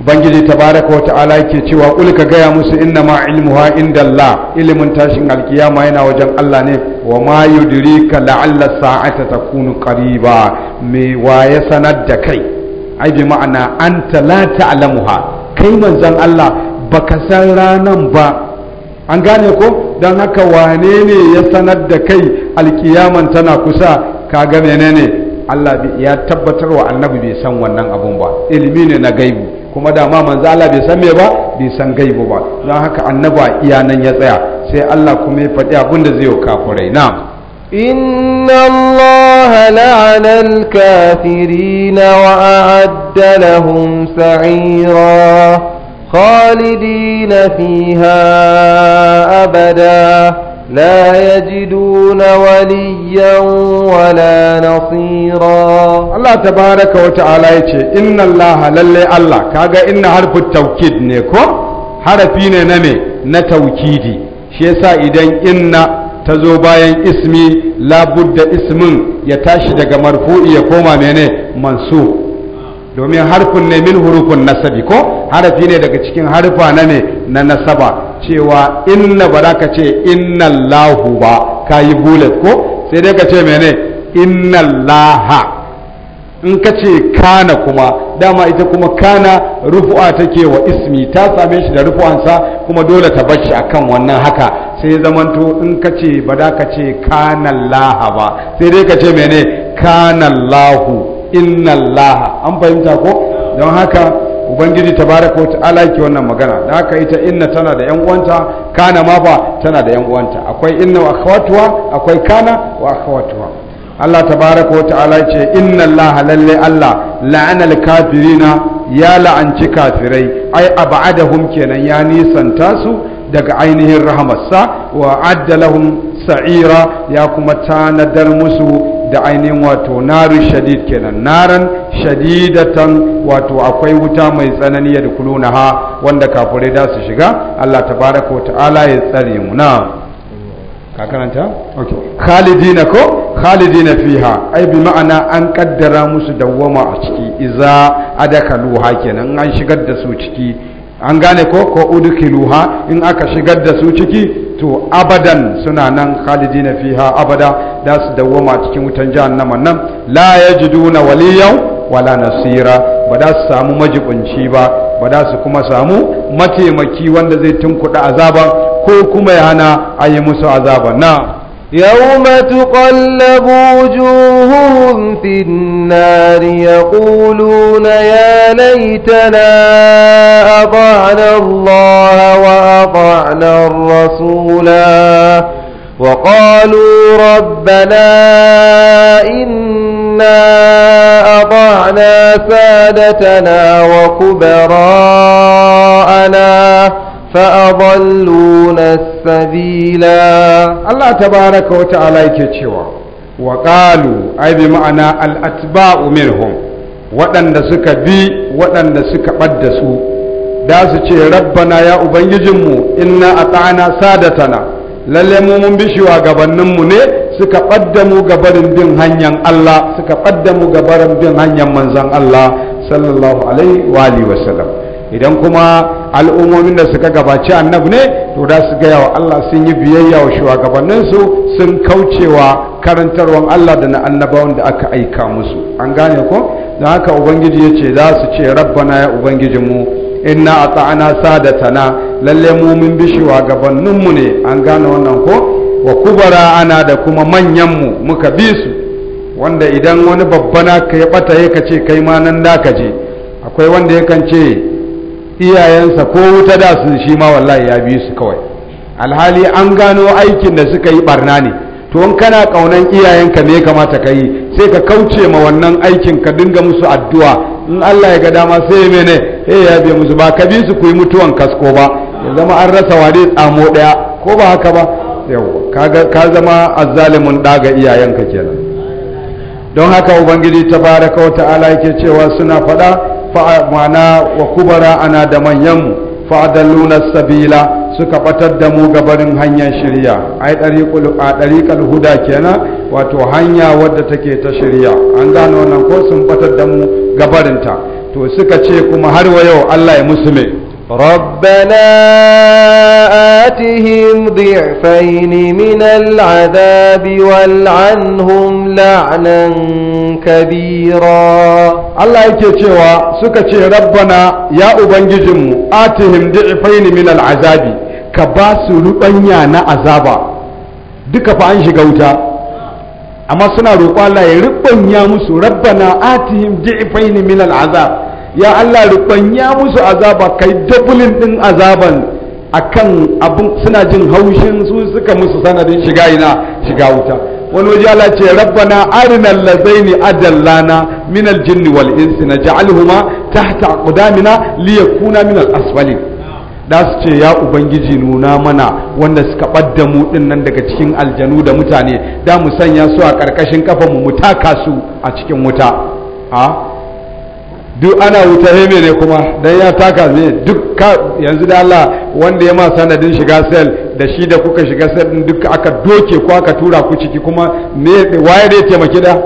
ubangiji tabaraka wata'ala yake cewa kul ka gaya musu inna ma ilmuha inda Allah ilimin tashin alkiyama yana wajen Allah ne wa ma yudrika la'alla sa'ata takunu qariba me wa ya sanar da kai ai bi ma'ana anta la ta'lamuha kai manzon Allah baka san ranan ba an gane ko don haka wane ne ya sanar da kai alkiyaman tana kusa ka ga menene Allah ya tabbatar wa annabi bai san wannan abun ba ilimi ne na gaibu kuma da ma manzo Allah bai san me ba bai san gaibu ba don haka annaba iya nan ya tsaya sai Allah kuma ya faɗi abin da zai yi kafirai na'am إن الله لعن الكافرين وأعد لهم سعيرا خالدين فيها أبدا لا يجدون وليا ولا نصيرا الله تبارك وتعالى يتي إن الله للي الله كاغا إن حرف التوكيد نيكو حرفين نمي نتوكيدي شيسا إذن إن تزوباين اسمي لابد اسم يتاشد مرفوع يقوم منه منصوب domin harfin ne min hurufin nasabi ko harafi ne daga cikin harfa na ne na nasaba cewa inna ba za ka ce inna lahu ba ka yi bullet ko sai dai ka ce mene inna laha in ka ce kana kuma dama ita kuma kana rufu'a take wa ismi ta same shi da rufu'ansa kuma dole ta bar shi akan wannan haka sai zamanto in ka ce ba da ka ce kana laha ba sai dai ka ce mene kana lahu inna an fahimta ko don haka ubangiji tabaraka wa ta'ala ke wannan magana da haka ita inna tana da yan uwanta kana ma ba tana da yan uwanta akwai inna wa akhawatuha akwai kana wa akhawatuha Allah tabaraka wa ta'ala ce inna allaha lalle Allah la'ana al-kafirina ya la'anci kafirai ai ab'adahum kenan ya nisanta su daga ainihin rahamarsa wa adda sa'ira ya kuma tanadar musu da ainihin wato naru shadid kenan naran shadidatan wato akwai wuta mai tsanani ya na ha wanda kafirai da su shiga Allah wata ta'ala ya tsare mu na ka karanta okay khalidina ko khalidina fiha ai bi ma'ana an kaddara musu dawwama a ciki iza adakalu ha kenan an shigar da su ciki an gane ko ko udkiluha in aka shigar da su ciki to abadan suna nan khalidina fiha abada da su dawwama cikin wutan jahannama nan la yajiduna waliyan wala nasira ba da su samu majibunci ba ba da su kuma samu mataimaki wanda zai tunkuɗa azaba ko kuma ya hana a musu azaban na يوم تقلب وجوههم في النار يقولون يا ليتنا أطعنا الله وأطعنا الرسولا وقالوا ربنا إنا أطعنا سادتنا وكبراءنا fa'adalluna sabila Allah tabaraka wa ta'ala yake cewa wa qalu ai bi ma'ana al-atba'u minhum waɗanda suka bi waɗanda suka ɓadda su da su ce rabbana ya ubangijinmu inna ata'ana sadatana lalle mu mun bi mu ne suka ɓadda mu gabarin bin hanyar Allah suka ɓadda mu gabarin bin hanyar manzon Allah sallallahu alaihi wa sallam idan kuma al'ummomin da suka gabaci annabu ne to da su gaya wa Allah sun yi biyayya wa shugabanninsu sun kaucewa karantarwan Allah da na annabawan da aka aika musu an gane ko da haka ubangiji ya ce za su ce rabbana ya ubangijinmu inna a ta'ana sadatana lalle mu mun bi shugabanninmu ne an gane wannan ko wa kubara ana da kuma manyanmu muka bi su wanda idan wani babba ka ya bata ya ce kai ma nan da ka je akwai wanda ya kan ce iyayensa ko wuta da su shi ma wallahi ya bi su kawai alhali an gano aikin da suka yi barna ne to in kana kaunan iyayenka ne kamata ka yi sai ka kauce ma wannan aikin ka dinga musu addu'a in Allah ya ga dama sai mene eh ya biya musu ba ka bi su ku yi mutuwan kasko ba ya zama an rasa ware tsamo daya ko ba haka ba yawa ka zama azzalimin daga iyayenka kenan don haka ubangiji tabaraka wa ta'ala yake cewa suna fada. ma'ana wa kubara ana da manyanmu fa'adalluna sabila suka batar da mu gabarin hanyar shirya ai ɗariƙar huda kenan wato hanya wadda take ta shirya an gano wannan ko sun batar da mu gabarinta to suka ce kuma har wa yau Allah ya musume ربنا آتهم ضعفين من العذاب والعنهم لعنا كبيرا Allah yake cewa suka ce rabbana ya ubangijinmu atihim du'ifaini min al'azabi ka ba su rubanya na azaba duka fa an shiga wuta amma suna roƙo Allah ya rubanya musu rabbana atihim du'ifaini min al'azab ya Allah ya musu azaba kai dublin din azaban akan abun suna jin haushin su suka musu sanadin shiga ina shiga wuta wani waje Allah ce rabbana arina allazaini adallana min aljinni wal insi naj'aluhuma tahta aqdamina liyakuna min al-asfalin da su ce ya ubangiji nuna mana wanda suka ɓadda mu din nan daga cikin aljanu da mutane da mu sanya su a karkashin kafa mu taka su a cikin wuta ha duk ana wuta heme ne kuma dan ya taka zai duk yanzu da Allah wanda ya ma sanadin shiga sel da shi da kuka shiga sel din duk aka doke ko aka tura ku ciki kuma me waye da ya taimaki da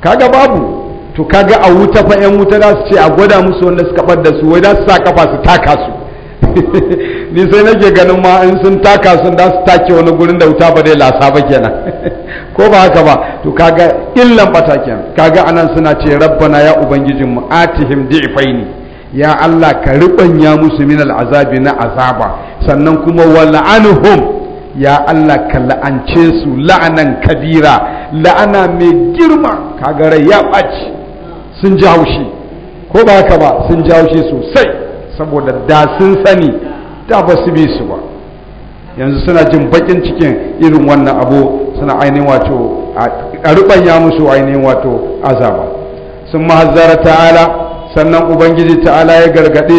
kaga babu to ga a wuta fa yan wuta za su ce a gwada musu wanda suka bar da su wai za su sa kafa su taka su ni sai nake ganin ma in sun taka sun da su take wani gurin da wuta ba dai lasa ba kenan ko ba haka ba to kaga illan bata kenan kaga anan suna ce rabbana ya ubangijin mu atihim di'faini ya Allah ka ribanya musu min al'azabi na azaba sannan kuma wal'anhum ya Allah ka la'ance su la'anan kabira la'ana mai girma kaga rai ya ɓaci sun ji haushi ko ba haka ba sun ji haushi sosai saboda da sun sani ta ba su bi su ba yanzu suna jin bakin cikin irin wannan abu suna ainihin wato a ya musu ainihin wato azaba sun mahazzara ta'ala sannan ubangiji ta'ala ya gargaɗe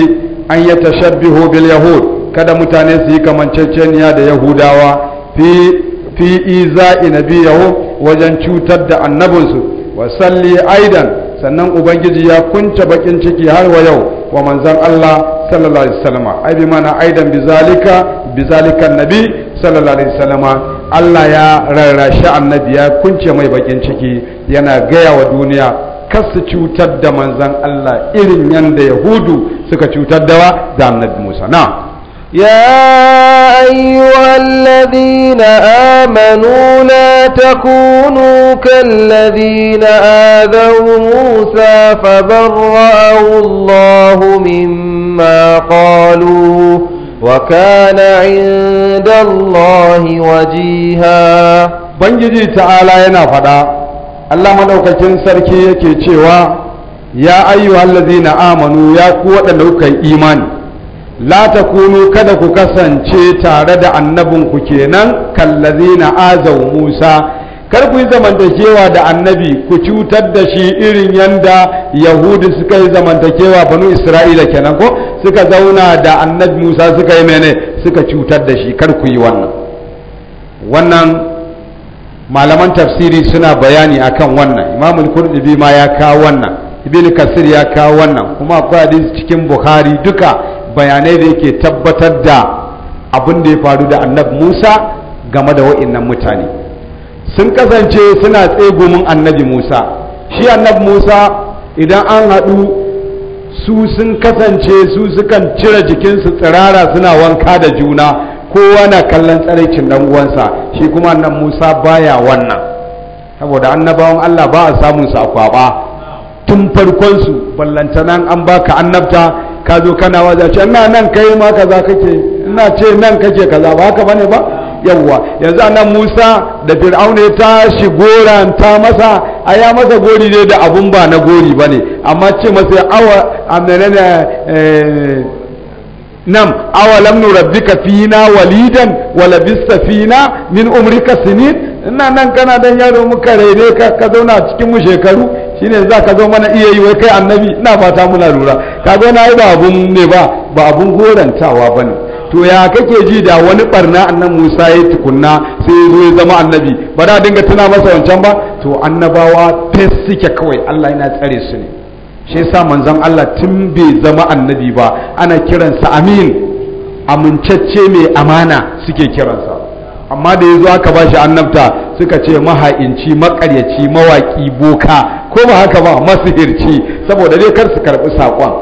an yi tashabbihu bil yahud kada mutane su yi kamanceceniya da yahudawa fi fi iza'i yahu wajen cutar da annabinsu wa salli aidan sannan ubangiji ya kunce bakin ciki har wa yau wa manzan Allah sallallahu alaihi wasallam ai bi mana aidan bizalika bizalika annabi sallallahu alaihi wasallam Allah ya rarrashi annabi ya kunce mai bakin ciki yana gaya wa duniya kasu cutar da manzan Allah irin yanda yahudu suka cutar da da annabi Musa na'am يا أيها الذين آمنوا لا تكونوا كالذين آذوا موسى فبرأه الله مما قالوا وكان عند الله وجيها بنجي تعالى ينافدا الله مدوكاكين سركي يكي cewa ya ayyuhallazina amanu ya ku waɗanda kuka imani la kunu kada ku kasance tare da annabinku kenan kallazina azau Musa kar ku yi zamantakewa da annabi ku cutar da shi irin yanda yahudi suka yi zamantakewa banu isra'ila kenan ko suka zauna da annabi musa suka yi mene suka cutar da shi kar ku yi wannan wannan malaman tafsiri suna bayani akan wannan imamul kurdubi ma ya kawo wannan ibn kasir ya kawo wannan kuma akwai hadisi cikin bukhari duka bayanai da yake tabbatar da abin da ya faru da annabi Musa game da wa'innan mutane sun kasance suna tsegumin annabi Musa shi annab Musa idan an haɗu su sun kasance su sukan cire jikinsu tsirara suna wanka da juna kowa na kallon tsaraicin dan uwansa shi kuma annabi Musa baya wannan saboda annabawan Allah ba a samun su a kwaba tun farkonsu ballantanan an baka annabta ka zo kana waje ce ina nan kai ma kaza kake ina ce nan kake kaza ba haka bane ba yawwa yanzu anan Musa da Fir'auna ya goran ta masa aya masa gori ne da abun ba na gori bane amma ce masa awa amenana eh, nam awalam nurabbika fina walidan wa labista fina min umrika sinin ina nan kana dan yaro muka raine ka ka zauna cikin mu shekaru shi ne za ka zo mana iya yi wai kai annabi ina fata muna lura ka ga na yi ba abun ne ba ba abun gorantawa ba ne to ya kake ji da wani barna annan musa ya tukunna sai zo ya zama annabi ba da dinga tuna masa wancan ba to annabawa fes suke kawai allah yana tsare su ne shi yasa manzon allah tun bai zama annabi ba ana kiransa amin amincacce mai amana suke kiransa amma da ya zo aka ba shi annabta suka ce maha'inci makaryaci mawaki boka ko ba haka ba masihirci saboda dai kar su karɓi saƙon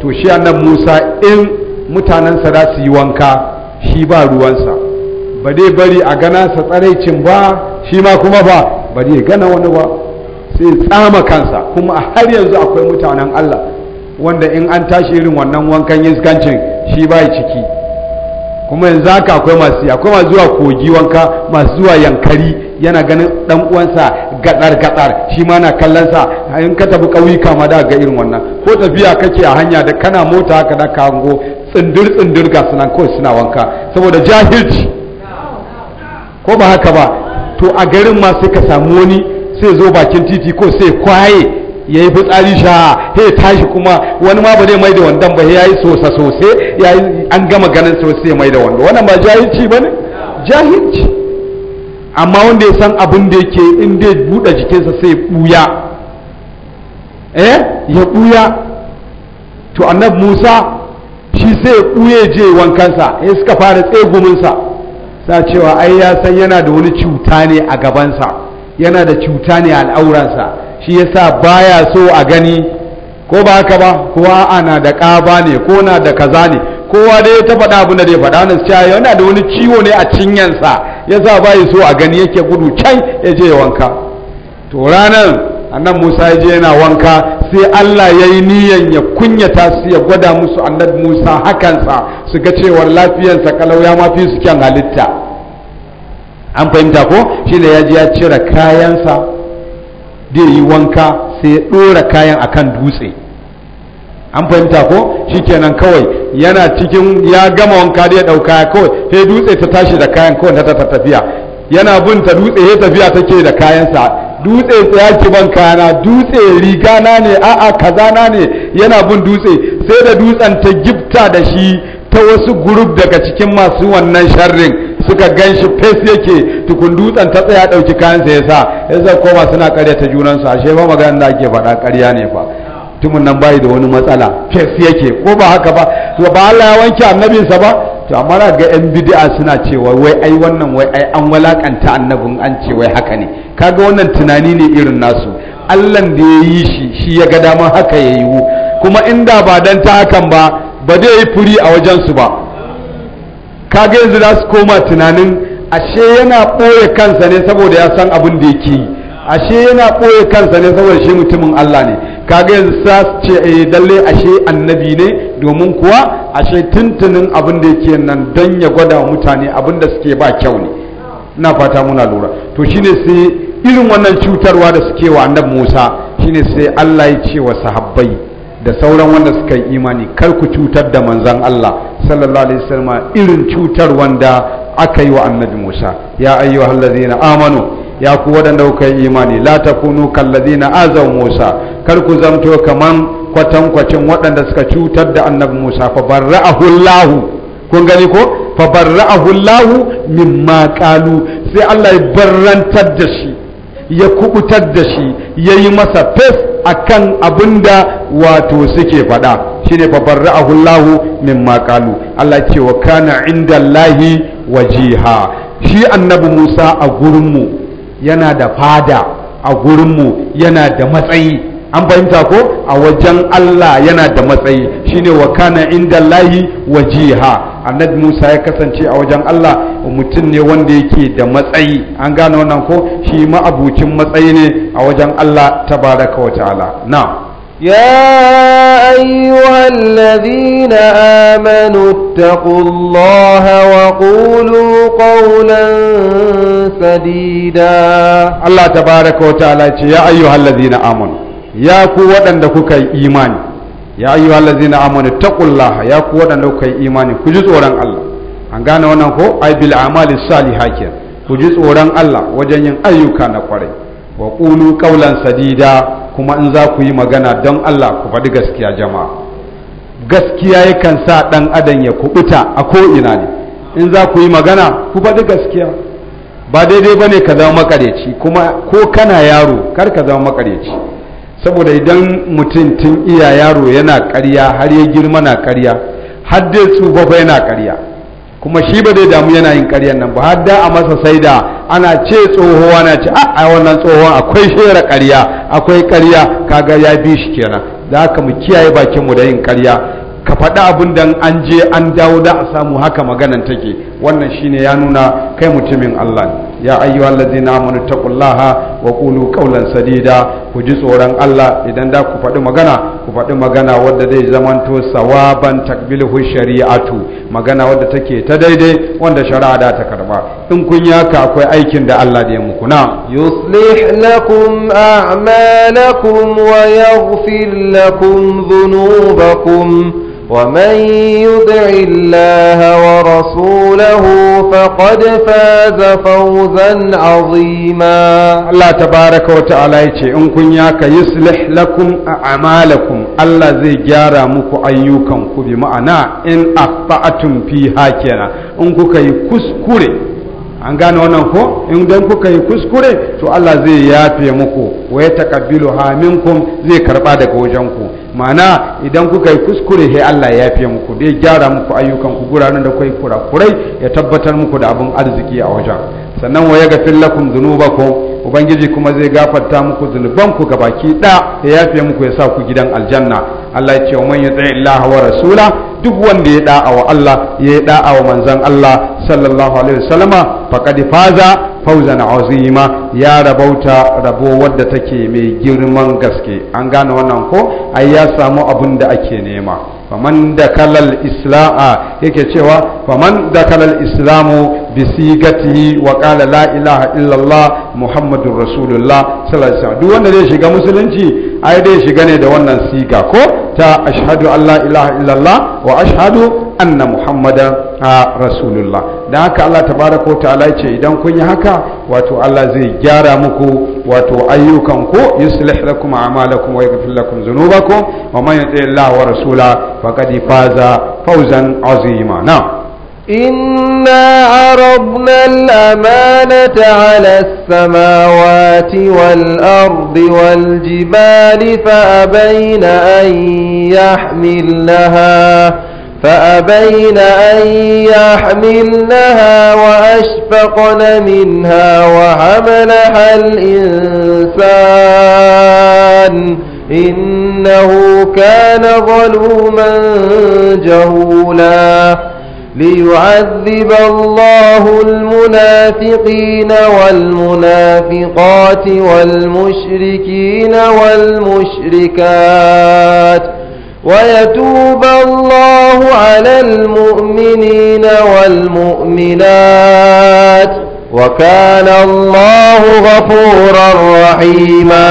to shi annab musa in mutanensa za su yi wanka shi ba ruwansa ba dai bari a gana sa tsaraicin ba shi ma kuma ba ba dai gana wani ba sai tsama kansa kuma har yanzu akwai mutanen allah wanda in an tashi irin wannan wankan iskancin shi ba ciki kuma yanzu haka akwai masu akwai masu zuwa kogi wanka masu zuwa yankari yana ganin dan uwansa gadar gadar shi ma na kallon sa in ka tafi ƙauyuka ma da ga irin wannan ko tafiya kake a hanya da kana mota haka da kango tsindir tsindir ga sunan ko suna wanka saboda jahilci ko ba haka ba to a garin ma sai ka samu wani sai zo bakin titi ko sai kwaye ya yi fitsari sha ya tashi kuma wani ma ba zai mai da wandon ba ya yi sosa sosai an gama ganin sosai ya mai da wando wannan ba jahilci ba ne jahilci amma wanda ya san abin da yake inda dai buɗe jikinsa sai ɓuya eh ya ɓuya to annab musa shi sai ɓuye je wankansa ya suka fara tseguminsa sa cewa ai ya san yana da wani cuta ne a gabansa yana da cuta ne a al'auransa shi yasa baya so a gani ko ba haka ba a'a na da ƙaba ne ko na da kaza ne kowa dai ta faɗa abin da zai faɗa wannan cewa yana da wani ciwo ne a cinyansa yasa bai so a gani yake gudu can ya je wanka to ranar annan musa yaje yana wanka sai allah ya yi niyan ya kunyata su ya gwada musu annan musa hakansa su ga cewar lafiyansa kalau ya mafi su kyan halitta an fahimta ko shi ne ya je ya cire kayansa zai yi wanka sai ya ɗora kayan akan dutse an fahimta ko shikenan kawai yana cikin ya gama wanka da ya ɗauka kawai sai dutse ta tashi da kayan kawai ta tafiya yana bin ta dutse ya tafiya take da kayan sa dutse ya ki ban kayana dutse riga na ne a'a na ne yana bin dutse sai da dutsen ta gifta da shi ta wasu gurub daga cikin masu wannan sharrin suka gan shi fes yake tukun dutsen ta tsaya ɗauki kayansa ya sa ya sa koma suna ta junansu ashe ba maganin da ake faɗa karya ne fa Tumun nan bai da wani matsala fes yake ko ba haka ba to ba Allah ya wanke annabinsa ba to amma na ga yan bid'a suna cewa wai ai wannan wai ai an walakanta annabin an ce wai haka ne kaga wannan tunani ne irin nasu Allah da ya yi shi shi ya ga daman haka ya yiwu kuma inda ba dan ta hakan ba ba zai yi furi a wajen su ba kaga yanzu za su koma tunanin ashe yana ɓoye kansa ne saboda ya san abin da yake yi ashe yana ɓoye kansa ne saboda shi mutumin Allah ne kaga yanzu za su ce eh dalle ashe annabi ne domin kuwa ashe tuntunin abin da yake nan don ya gwada mutane abin da suke ba kyau ne na fata muna lura to shine sai irin wannan cutarwa da suke wa annabi Musa shine sai Allah ya ce wa sahabbai da sauran wanda suka yi imani kar ku cutar da manzan Allah sallallahu alaihi wasallam irin cutar wanda aka yi wa annabi Musa ya ayyuhal allazina amanu ya ku wadanda kuka imani la takunu kallazina azaw Musa kar ku zamto kaman kwatankwacin waɗanda suka cutar da annabi Musa fa barra'ahu Allah kun gani ko fa barra'ahu Allah mimma qalu sai Allah ya barrantar da shi ya kubutar da shi ya yi masa fes a kan abin da wato suke faɗa shi ne babbar ra'ahullahu min maƙalu Allah ce wa kana inda lahi wajiha shi annabi Musa a gurinmu yana da fada a gurinmu yana da matsayi an fahimta ko a wajen Allah yana da matsayi shine wa kana inda lahi wajiha annabi Musa ya kasance a wajen Allah mutum ne wanda yake da matsayi an gane wannan ko shi ma ma'abucin matsayi ne a wajen Allah ta baraka wa ta'ala na ya ayyuhal alladhina amanu taqullaha wa kulu qawlan sadida Allah ta baraka wa ta'ala ce ya ayyuhal na amanu ya ku waɗanda kuka yi imani ya ayyuhal ladina amanu taqullaha ya ku waɗanda kuka yi imani ku ji tsoron Allah an gane wannan ko ai bil amali salihakin ku ji tsoron Allah wajen yin ayyuka na kwarai wa qulu qawlan sadida kuma in za ku yi magana don Allah ku faɗi gaskiya jama'a gaskiya yakan sa ɗan adam ya kubuta a ko ina ne in za ku yi magana ku faɗi gaskiya ba daidai bane ka zama makareci kuma ko kana yaro kar ka zama makareci saboda idan mutum tun iya yaro yana karya har ya girma na karya har dai tsufa yana karya kuma shi ba zai damu yana yin ƙaryan nan ba har da a masa sai da ana ce tsoho na ce a ah, wannan tsohon akwai shera ƙarya akwai ƙarya kaga ya bi shi kenan da haka mu kiyaye bakinmu da yin ƙarya ka faɗi abin da an je an dawo da a samu haka maganan take wannan shine ya nuna kai mutumin Allah ya ayyuhallazina amanu taqullaha wa qulu sadida ku ji tsoron Allah idan da ku faɗi magana ku faɗi magana wadda zai zamanto sawaban takbiluhu shari'atu magana wadda take ta daidai wanda shari'a da ta karba in kun yaka akwai aikin da Allah da ya muku na yuslih lakum a'malakum wa yaghfir lakum dhunubakum ومن يدع الله ورسوله فقد فاز فوزا عظيما الله تبارك وتعالى يتي ان كن ياك يصلح لكم اعمالكم الله زي جارا muku ayyukanku bi ma'ana in akhta'tum fiha kenan in kuka yi kuskure an gane wannan ko in dan kuka yi kuskure to Allah zai yafe muku wa ya ha minkum zai karba daga wajen ku mana idan kuka yi kuskure sai Allah ya yafe muku dai gyara muku ayyukan ku guraren da kai kurakurai ya tabbatar muku da abun arziki a wajen sannan wa yaghfir lakum dhunubakum ubangiji kuma zai gafarta muku ku gabaki da ya yafe muku ya sa ku gidan aljanna Allah ya ce wa man yuti Allah wa rasula duk wanda ya da'a wa Allah ya da'a wa manzan Allah sallallahu alaihi wasallama faqad faza fawzan azima ya rabauta rabo wadda take mai girman gaske an gane wannan ko ai ya samu abin da ake nema faman da kalal yake cewa faman da kalal islamu bisigatihi wa qala la ilaha illallah muhammadun rasulullah sallallahu alaihi duk wanda zai shiga musulunci ai dai shiga ne da wannan siga ko ta ashhadu an la ilaha illallah wa ashhadu anna muhammadan a rasulullah da haka Allah tabaraka wa ta'ala ce idan kun yi haka wato Allah zai gyara muku wato ayyukan ku yuslih lakum a'malakum wa yaghfir lakum dhunubakum wa man yuti Allah wa rasula faqad faza fawzan azima na إنا عرضنا الأمانة على السماوات والأرض والجبال فأبين أن يحملنها فأبين أن يحملنها وأشفقن منها وحملها الإنسان إنه كان ظلوما جهولا ليعذب الله المنافقين والمنافقات والمشركين والمشركات ويتوب الله على المؤمنين والمؤمنات وكان الله غفورا رحيما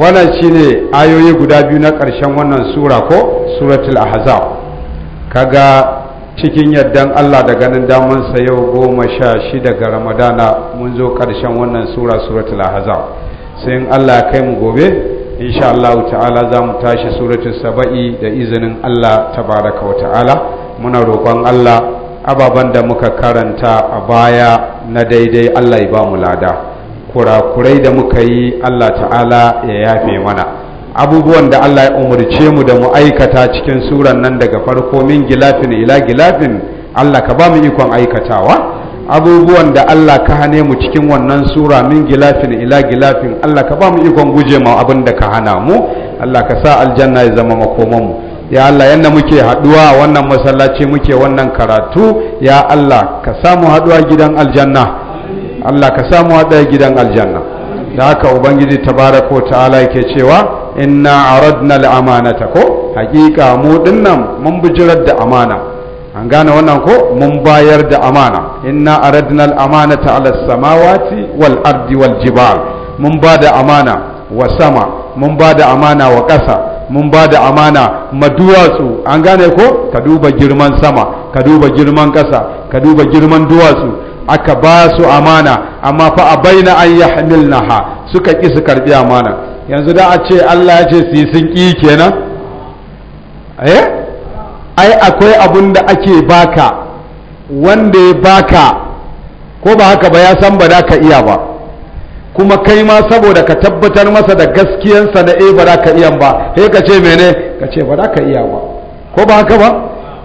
wannan shine ayoyi guda biyu na ƙarshen wannan sura ko suratul ahzab kaga cikin yardan Allah da ganin damansa yau goma sha shida ga ramadana mun zo ƙarshen wannan sura suratul ahzab sai in Allah ya kai mu gobe insha Allah ta'ala za mu tashi suratun saba'i da izinin Allah tabaraka wa ta'ala muna roƙon Allah ababen da muka karanta a baya na daidai Allah ya ba mu lada kurakurai da muka yi Allah ta'ala ya yafe mana abubuwan da Allah ya umarce mu da mu aikata cikin suran nan daga farko min gilafin ila gilafin Allah ka ba mu ikon aikatawa abubuwan da Allah ka hane mu cikin wannan sura min gilafin ila gilafin Allah ka ba mu ikon guje ma abin da ka hana mu Allah ka sa aljanna ya zama makoman mu ya Allah yanda muke haduwa wannan masallaci muke wannan karatu ya Allah ka samu haduwa gidan aljanna Allah ka samu haduwa gidan aljanna da haka ubangiji tabaraka wa ta'ala yake cewa inna aradna al-amanata ko hakika mu dinnan mun bijirar da amana an gane wannan ko mun bayar da amana inna aradna al-amanata ala samawati wal ardi wal jibal mun ba da amana wa sama mun ba da amana wa ƙasa mun ba da amana ma duwatsu an gane ko ka duba girman sama ka duba girman ƙasa ka duba girman duwatsu aka ba su amana amma fa a baina an yi suka ƙi su karbi amana yanzu da a ce Allah ya ce su yi sun ƙi kenan eh ai akwai abun da ake baka wanda ya baka ko ba haka ba ya san ba da ka iya ba kuma kai ma saboda ka tabbatar masa da gaskiyansa na eh ba da ka iya ba sai ka ce mene ka ce ba da ka iya ba ko ba haka ba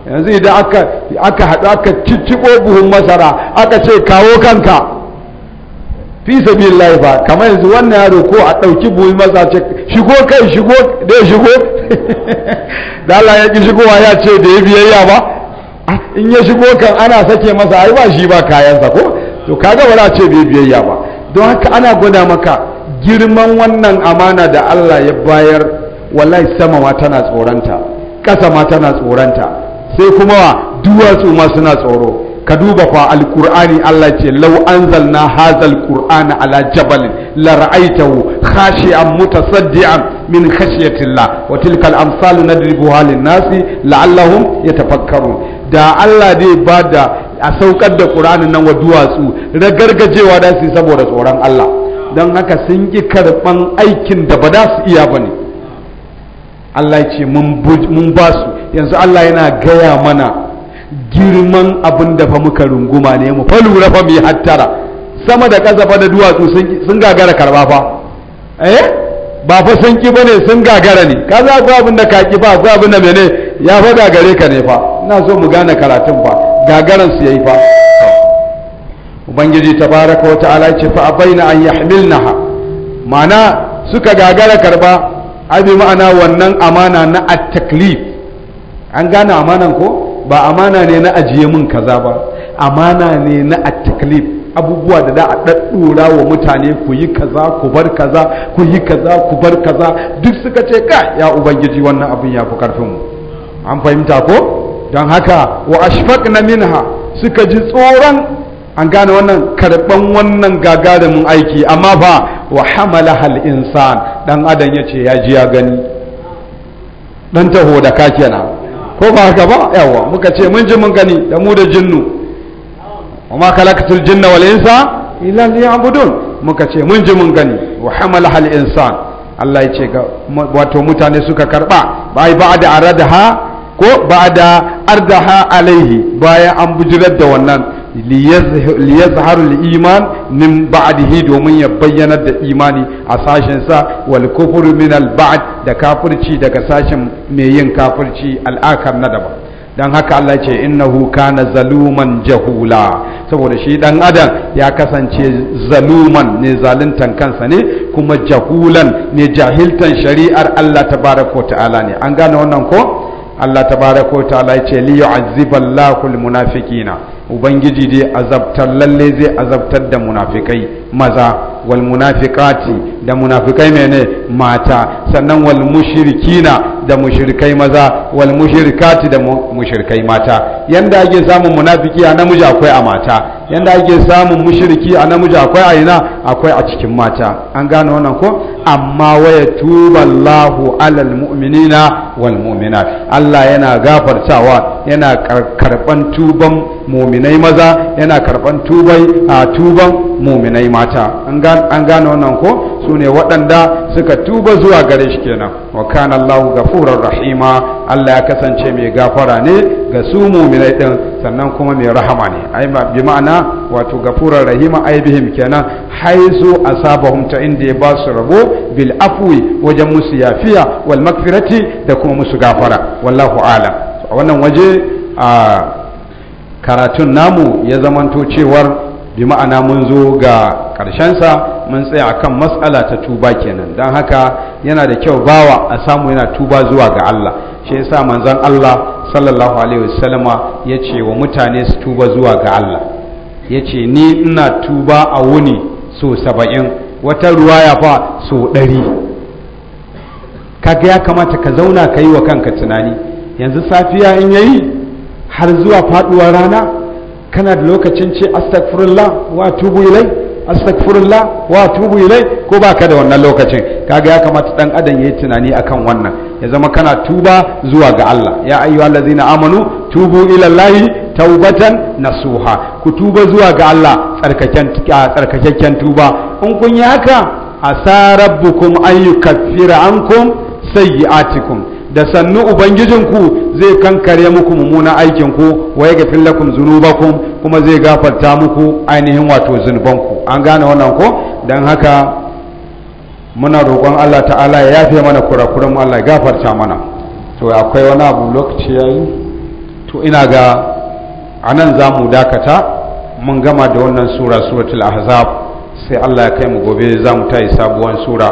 yanzu idan aka aka haɗu aka cicciɓo buhun masara aka ce kawo kanka fi sabilillahi ba kamar yanzu wannan yaro ko a ɗauki buhun masara ce shigo kai shigo dai shigo da Allah ya ki shigowa ya ce da ya biyayya ba ah, in ya shigo kan ana sake masa ai ba shi ba kayansa ko to kaga ba za ce da ya biyayya ba don haka ana gwada maka girman wannan amana da Allah ya bayar wallahi sama ma tana tsoronta ƙasa ma tana tsoronta sai kuma duwatsu ma suna tsoro ka duba fa alqur'ani Allah ce law anzalna hadzal qur'ana ala jabalin la ra'aytahu khashi'an mutasaddian min khashyatillah wa tilka al nadribuha lin-nasi la'allahum yatafakkarun da Allah dai bada a saukar da qur'anin nan wa duwatsu ragargajewa da su saboda tsoron Allah dan haka sun ki karban aikin da ba da su iya bane Allah ya ce mun ba su yanzu Allah yana gaya mana girman abin da fa muka runguma ne mu fa lura fa mai hattara sama da ƙasa fa da duwatsu sun gagara karba fa eh ba fa sun ki bane sun gagara ne ka za ku abin da ka ki fa ku abin da mene ya fa gagare ka ne fa ina so mu gane karatun fa gagaran su yayi fa ubangiji tabaraka wa ta'ala ce fa abaina an yahmilnaha mana suka gagara karba abi ma'ana wannan amana na at-taklif an gane amanan ko ba amana ne na ajiye min kaza ba amana ne na at abubuwa da da a ɗaɗɗura wa mutane ku yi kaza ku bar kaza ku yi kaza ku bar kaza duk suka ce ka ya ubangiji wannan abin ya fi karfin mu an fahimta ko don haka wa ashfaq na minha suka ji tsoron an gane wannan karɓan wannan gagarumin aiki amma fa wa hamala hal insan dan adam ce ya ji ya gani dan taho da ka kenan ko ba haka ba yawa muka ce mun ji mun gani da mu da jinnu ma kalakatul jinna wal insa illa liya'budun muka ce mun ji mun gani wa hamala hal insan Allah ya ce ga wato mutane suka karba bai ba'da aradaha ko ba'da ardaha alaihi bayan an bujirar da wannan liyazhar al-iman min ba'dihi domin ya bayyanar da imani a sashen sa wal kufru min al-ba'd da kafirci daga sashen mai yin kafirci al'akar na daban dan haka Allah ce innahu kana zaluman jahula saboda shi dan adam ya kasance zaluman ne zaluntan kansa ne kuma jahulan ne jahiltan shari'ar Allah tabaraka ta'ala ne an gane wannan ko Allah tabaraka ta'ala ya ce li yu'azziballahu munafiqina ubangiji dai azabtar lalle zai azabtar da munafikai maza wal munafiqati da munafikai mene mata sannan wal mushrikina da mushrikai maza wal mushrikati da mushrikai mata yanda ake samun munafiki a namiji akwai a mata yanda ake samun mushriki a namiji akwai a ina akwai a cikin mata an gane wannan ko amma waya tuba Allahu alal mu'minina wal mu'minat Allah yana gafartawa yana karban tuban mu'minai maza yana karban tubai a tuban mu'minai mata an gane an gane wannan ko su ne waɗanda suka tuba zuwa gare shi kenan wa kana Allahu gafurar rahima Allah ya kasance mai gafara ne ga su mu'minai din sannan kuma mai rahama ne ai bi ma'ana wato gafurar rahima ai bihim kenan haizu asabahum ta inda ya ba su rabo bil afwi wajen musu yafiya wal magfirati da kuma musu gafara wallahu a'lam a wannan waje a karatun namu ya zamanto cewar bi ma'ana mun zo ga ƙarshensa mun tsaya akan matsala ta tuba kenan don haka yana da kyau bawa a samu yana tuba zuwa ga Allah shi yasa manzon Allah sallallahu alaihi wasallama ya ce wa mutane su tuba zuwa ga Allah ya ce ni ina tuba a wuni so saba'in wata ruwaya fa so ɗari kaga ya kamata ka zauna ka yi wa kanka tunani yanzu safiya in yayi har zuwa faɗuwar rana kana da lokacin ce astagfirullah wa tubu ilai astagfirullah wa tubu ilai ko baka da wannan lokacin kaga ya kamata dan adam yayi tunani akan wannan ya zama kana tuba zuwa ga Allah ya ayyuhallazina amanu tubu ila Allahi taubatan nasuha ku tuba zuwa ga Allah tsarkakeken tuba in kun yi haka asa rabbukum an ankum sayyi'atikum da sannu ubangijinku zai kankare muku mummuna aikin ku wa ga fillakum zunubakum kuma zai gafarta muku ainihin wato zunubanku an gane wannan ko dan haka muna roƙon Allah ta'ala ya yafe mana kurakuran mu Allah ya gafarta mana to akwai wani abu lokaci yayi to ina ga anan zamu dakata mun gama da wannan sura suratul ahzab sai Allah ya kai mu gobe zamu tayi sabuwar sura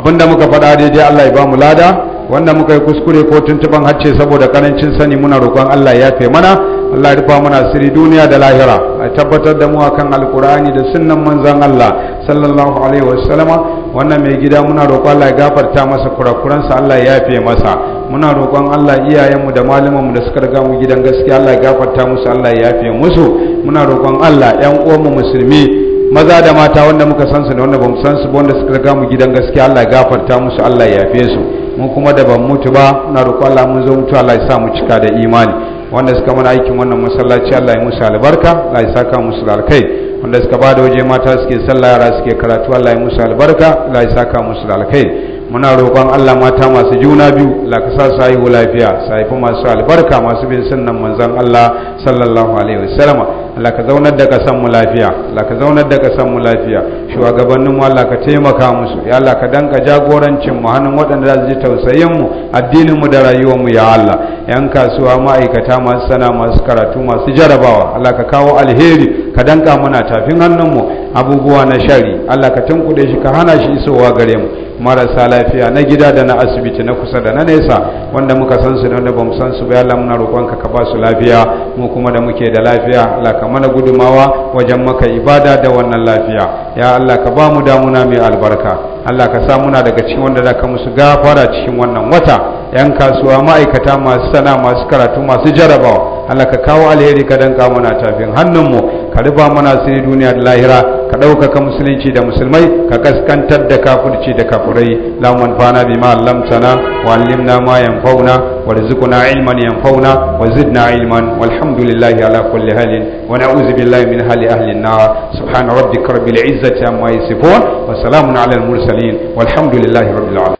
abinda muka faɗa daidai Allah ya ba mu lada wanda muka yi kuskure ko tuntuban hacce saboda karancin sani muna roƙon Allah ya fe mana Allah ya rufa mana siri duniya da lahira a tabbatar da mu akan alkur'ani da sunnan manzon Allah sallallahu alaihi wasallama wannan mai gida muna roƙon Allah ya gafarta masa kurakuransa Allah ya fe masa muna roƙon Allah iyayenmu da malamanmu da suka riga mu gidan gaskiya Allah ya gafarta musu Allah ya yafe musu muna roƙon Allah ƴan uwanmu musulmi maza da mata wanda muka san su da wanda bamu san su ba wanda suka riga mu gidan gaskiya Allah ya gafarta musu Allah ya yafe su mu kuma da ban mutu ba na roƙo Allah mun zo mutu Allah ya sa mu cika da imani wanda suka mana aikin wannan masallaci Allah ya musu albarka Allah ya saka musu alkai wanda suka bada waje mata suke sallah yara suke karatu Allah ya musu albarka Allah ya saka musu alkai muna roƙon Allah mata masu juna biyu la ka sa su haihu lafiya su haifi masu albarka masu bin sunnan manzon Allah sallallahu alaihi wasallama Allah ka zaunar da kasan mu lafiya Allah ka zaunar da kasan mu lafiya shugabannin mu Allah ka taimaka musu ya Allah ka danka jagorancin mu hannun waɗanda za su ji tausayin mu addinin mu da rayuwar mu ya Allah yan kasuwa ma'aikata masu sana masu karatu masu jarabawa Allah ka kawo alheri ka danka muna tafin hannun mu abubuwa na shari Allah ka tunkuɗe shi ka hana shi isowa gare mu marasa lafiya na gida da na asibiti na kusa da na nesa wanda muka san su da wanda bamu san su ba Allah muna roƙonka ka ba su lafiya mu kuma da muke da lafiya Allah ka mana gudumawa wajen maka ibada da wannan lafiya ya Allah ka ba mu damuna mai albarka Allah ka sa muna daga cikin wanda za ka musu gafara cikin wannan wata yan kasuwa ma'aikata masu sana masu karatu masu jarabawa Allah ka kawo alheri ka danka mana tafin hannunmu ka rufa mana sirri duniya da lahira ka ɗaukaka musulunci da musulmai ka kaskantar da kafurci da kafirai fana manfana ma allamtana wa allimna ma yanfa'una warzuqna ilman yanfa'una wa zidna ilman walhamdulillahi ala kulli halin wa na'udzu billahi min hali ahli an-nar subhana rabbika rabbil izzati amma yasifun wa salamun ala al-mursalin walhamdulillahi rabbil alamin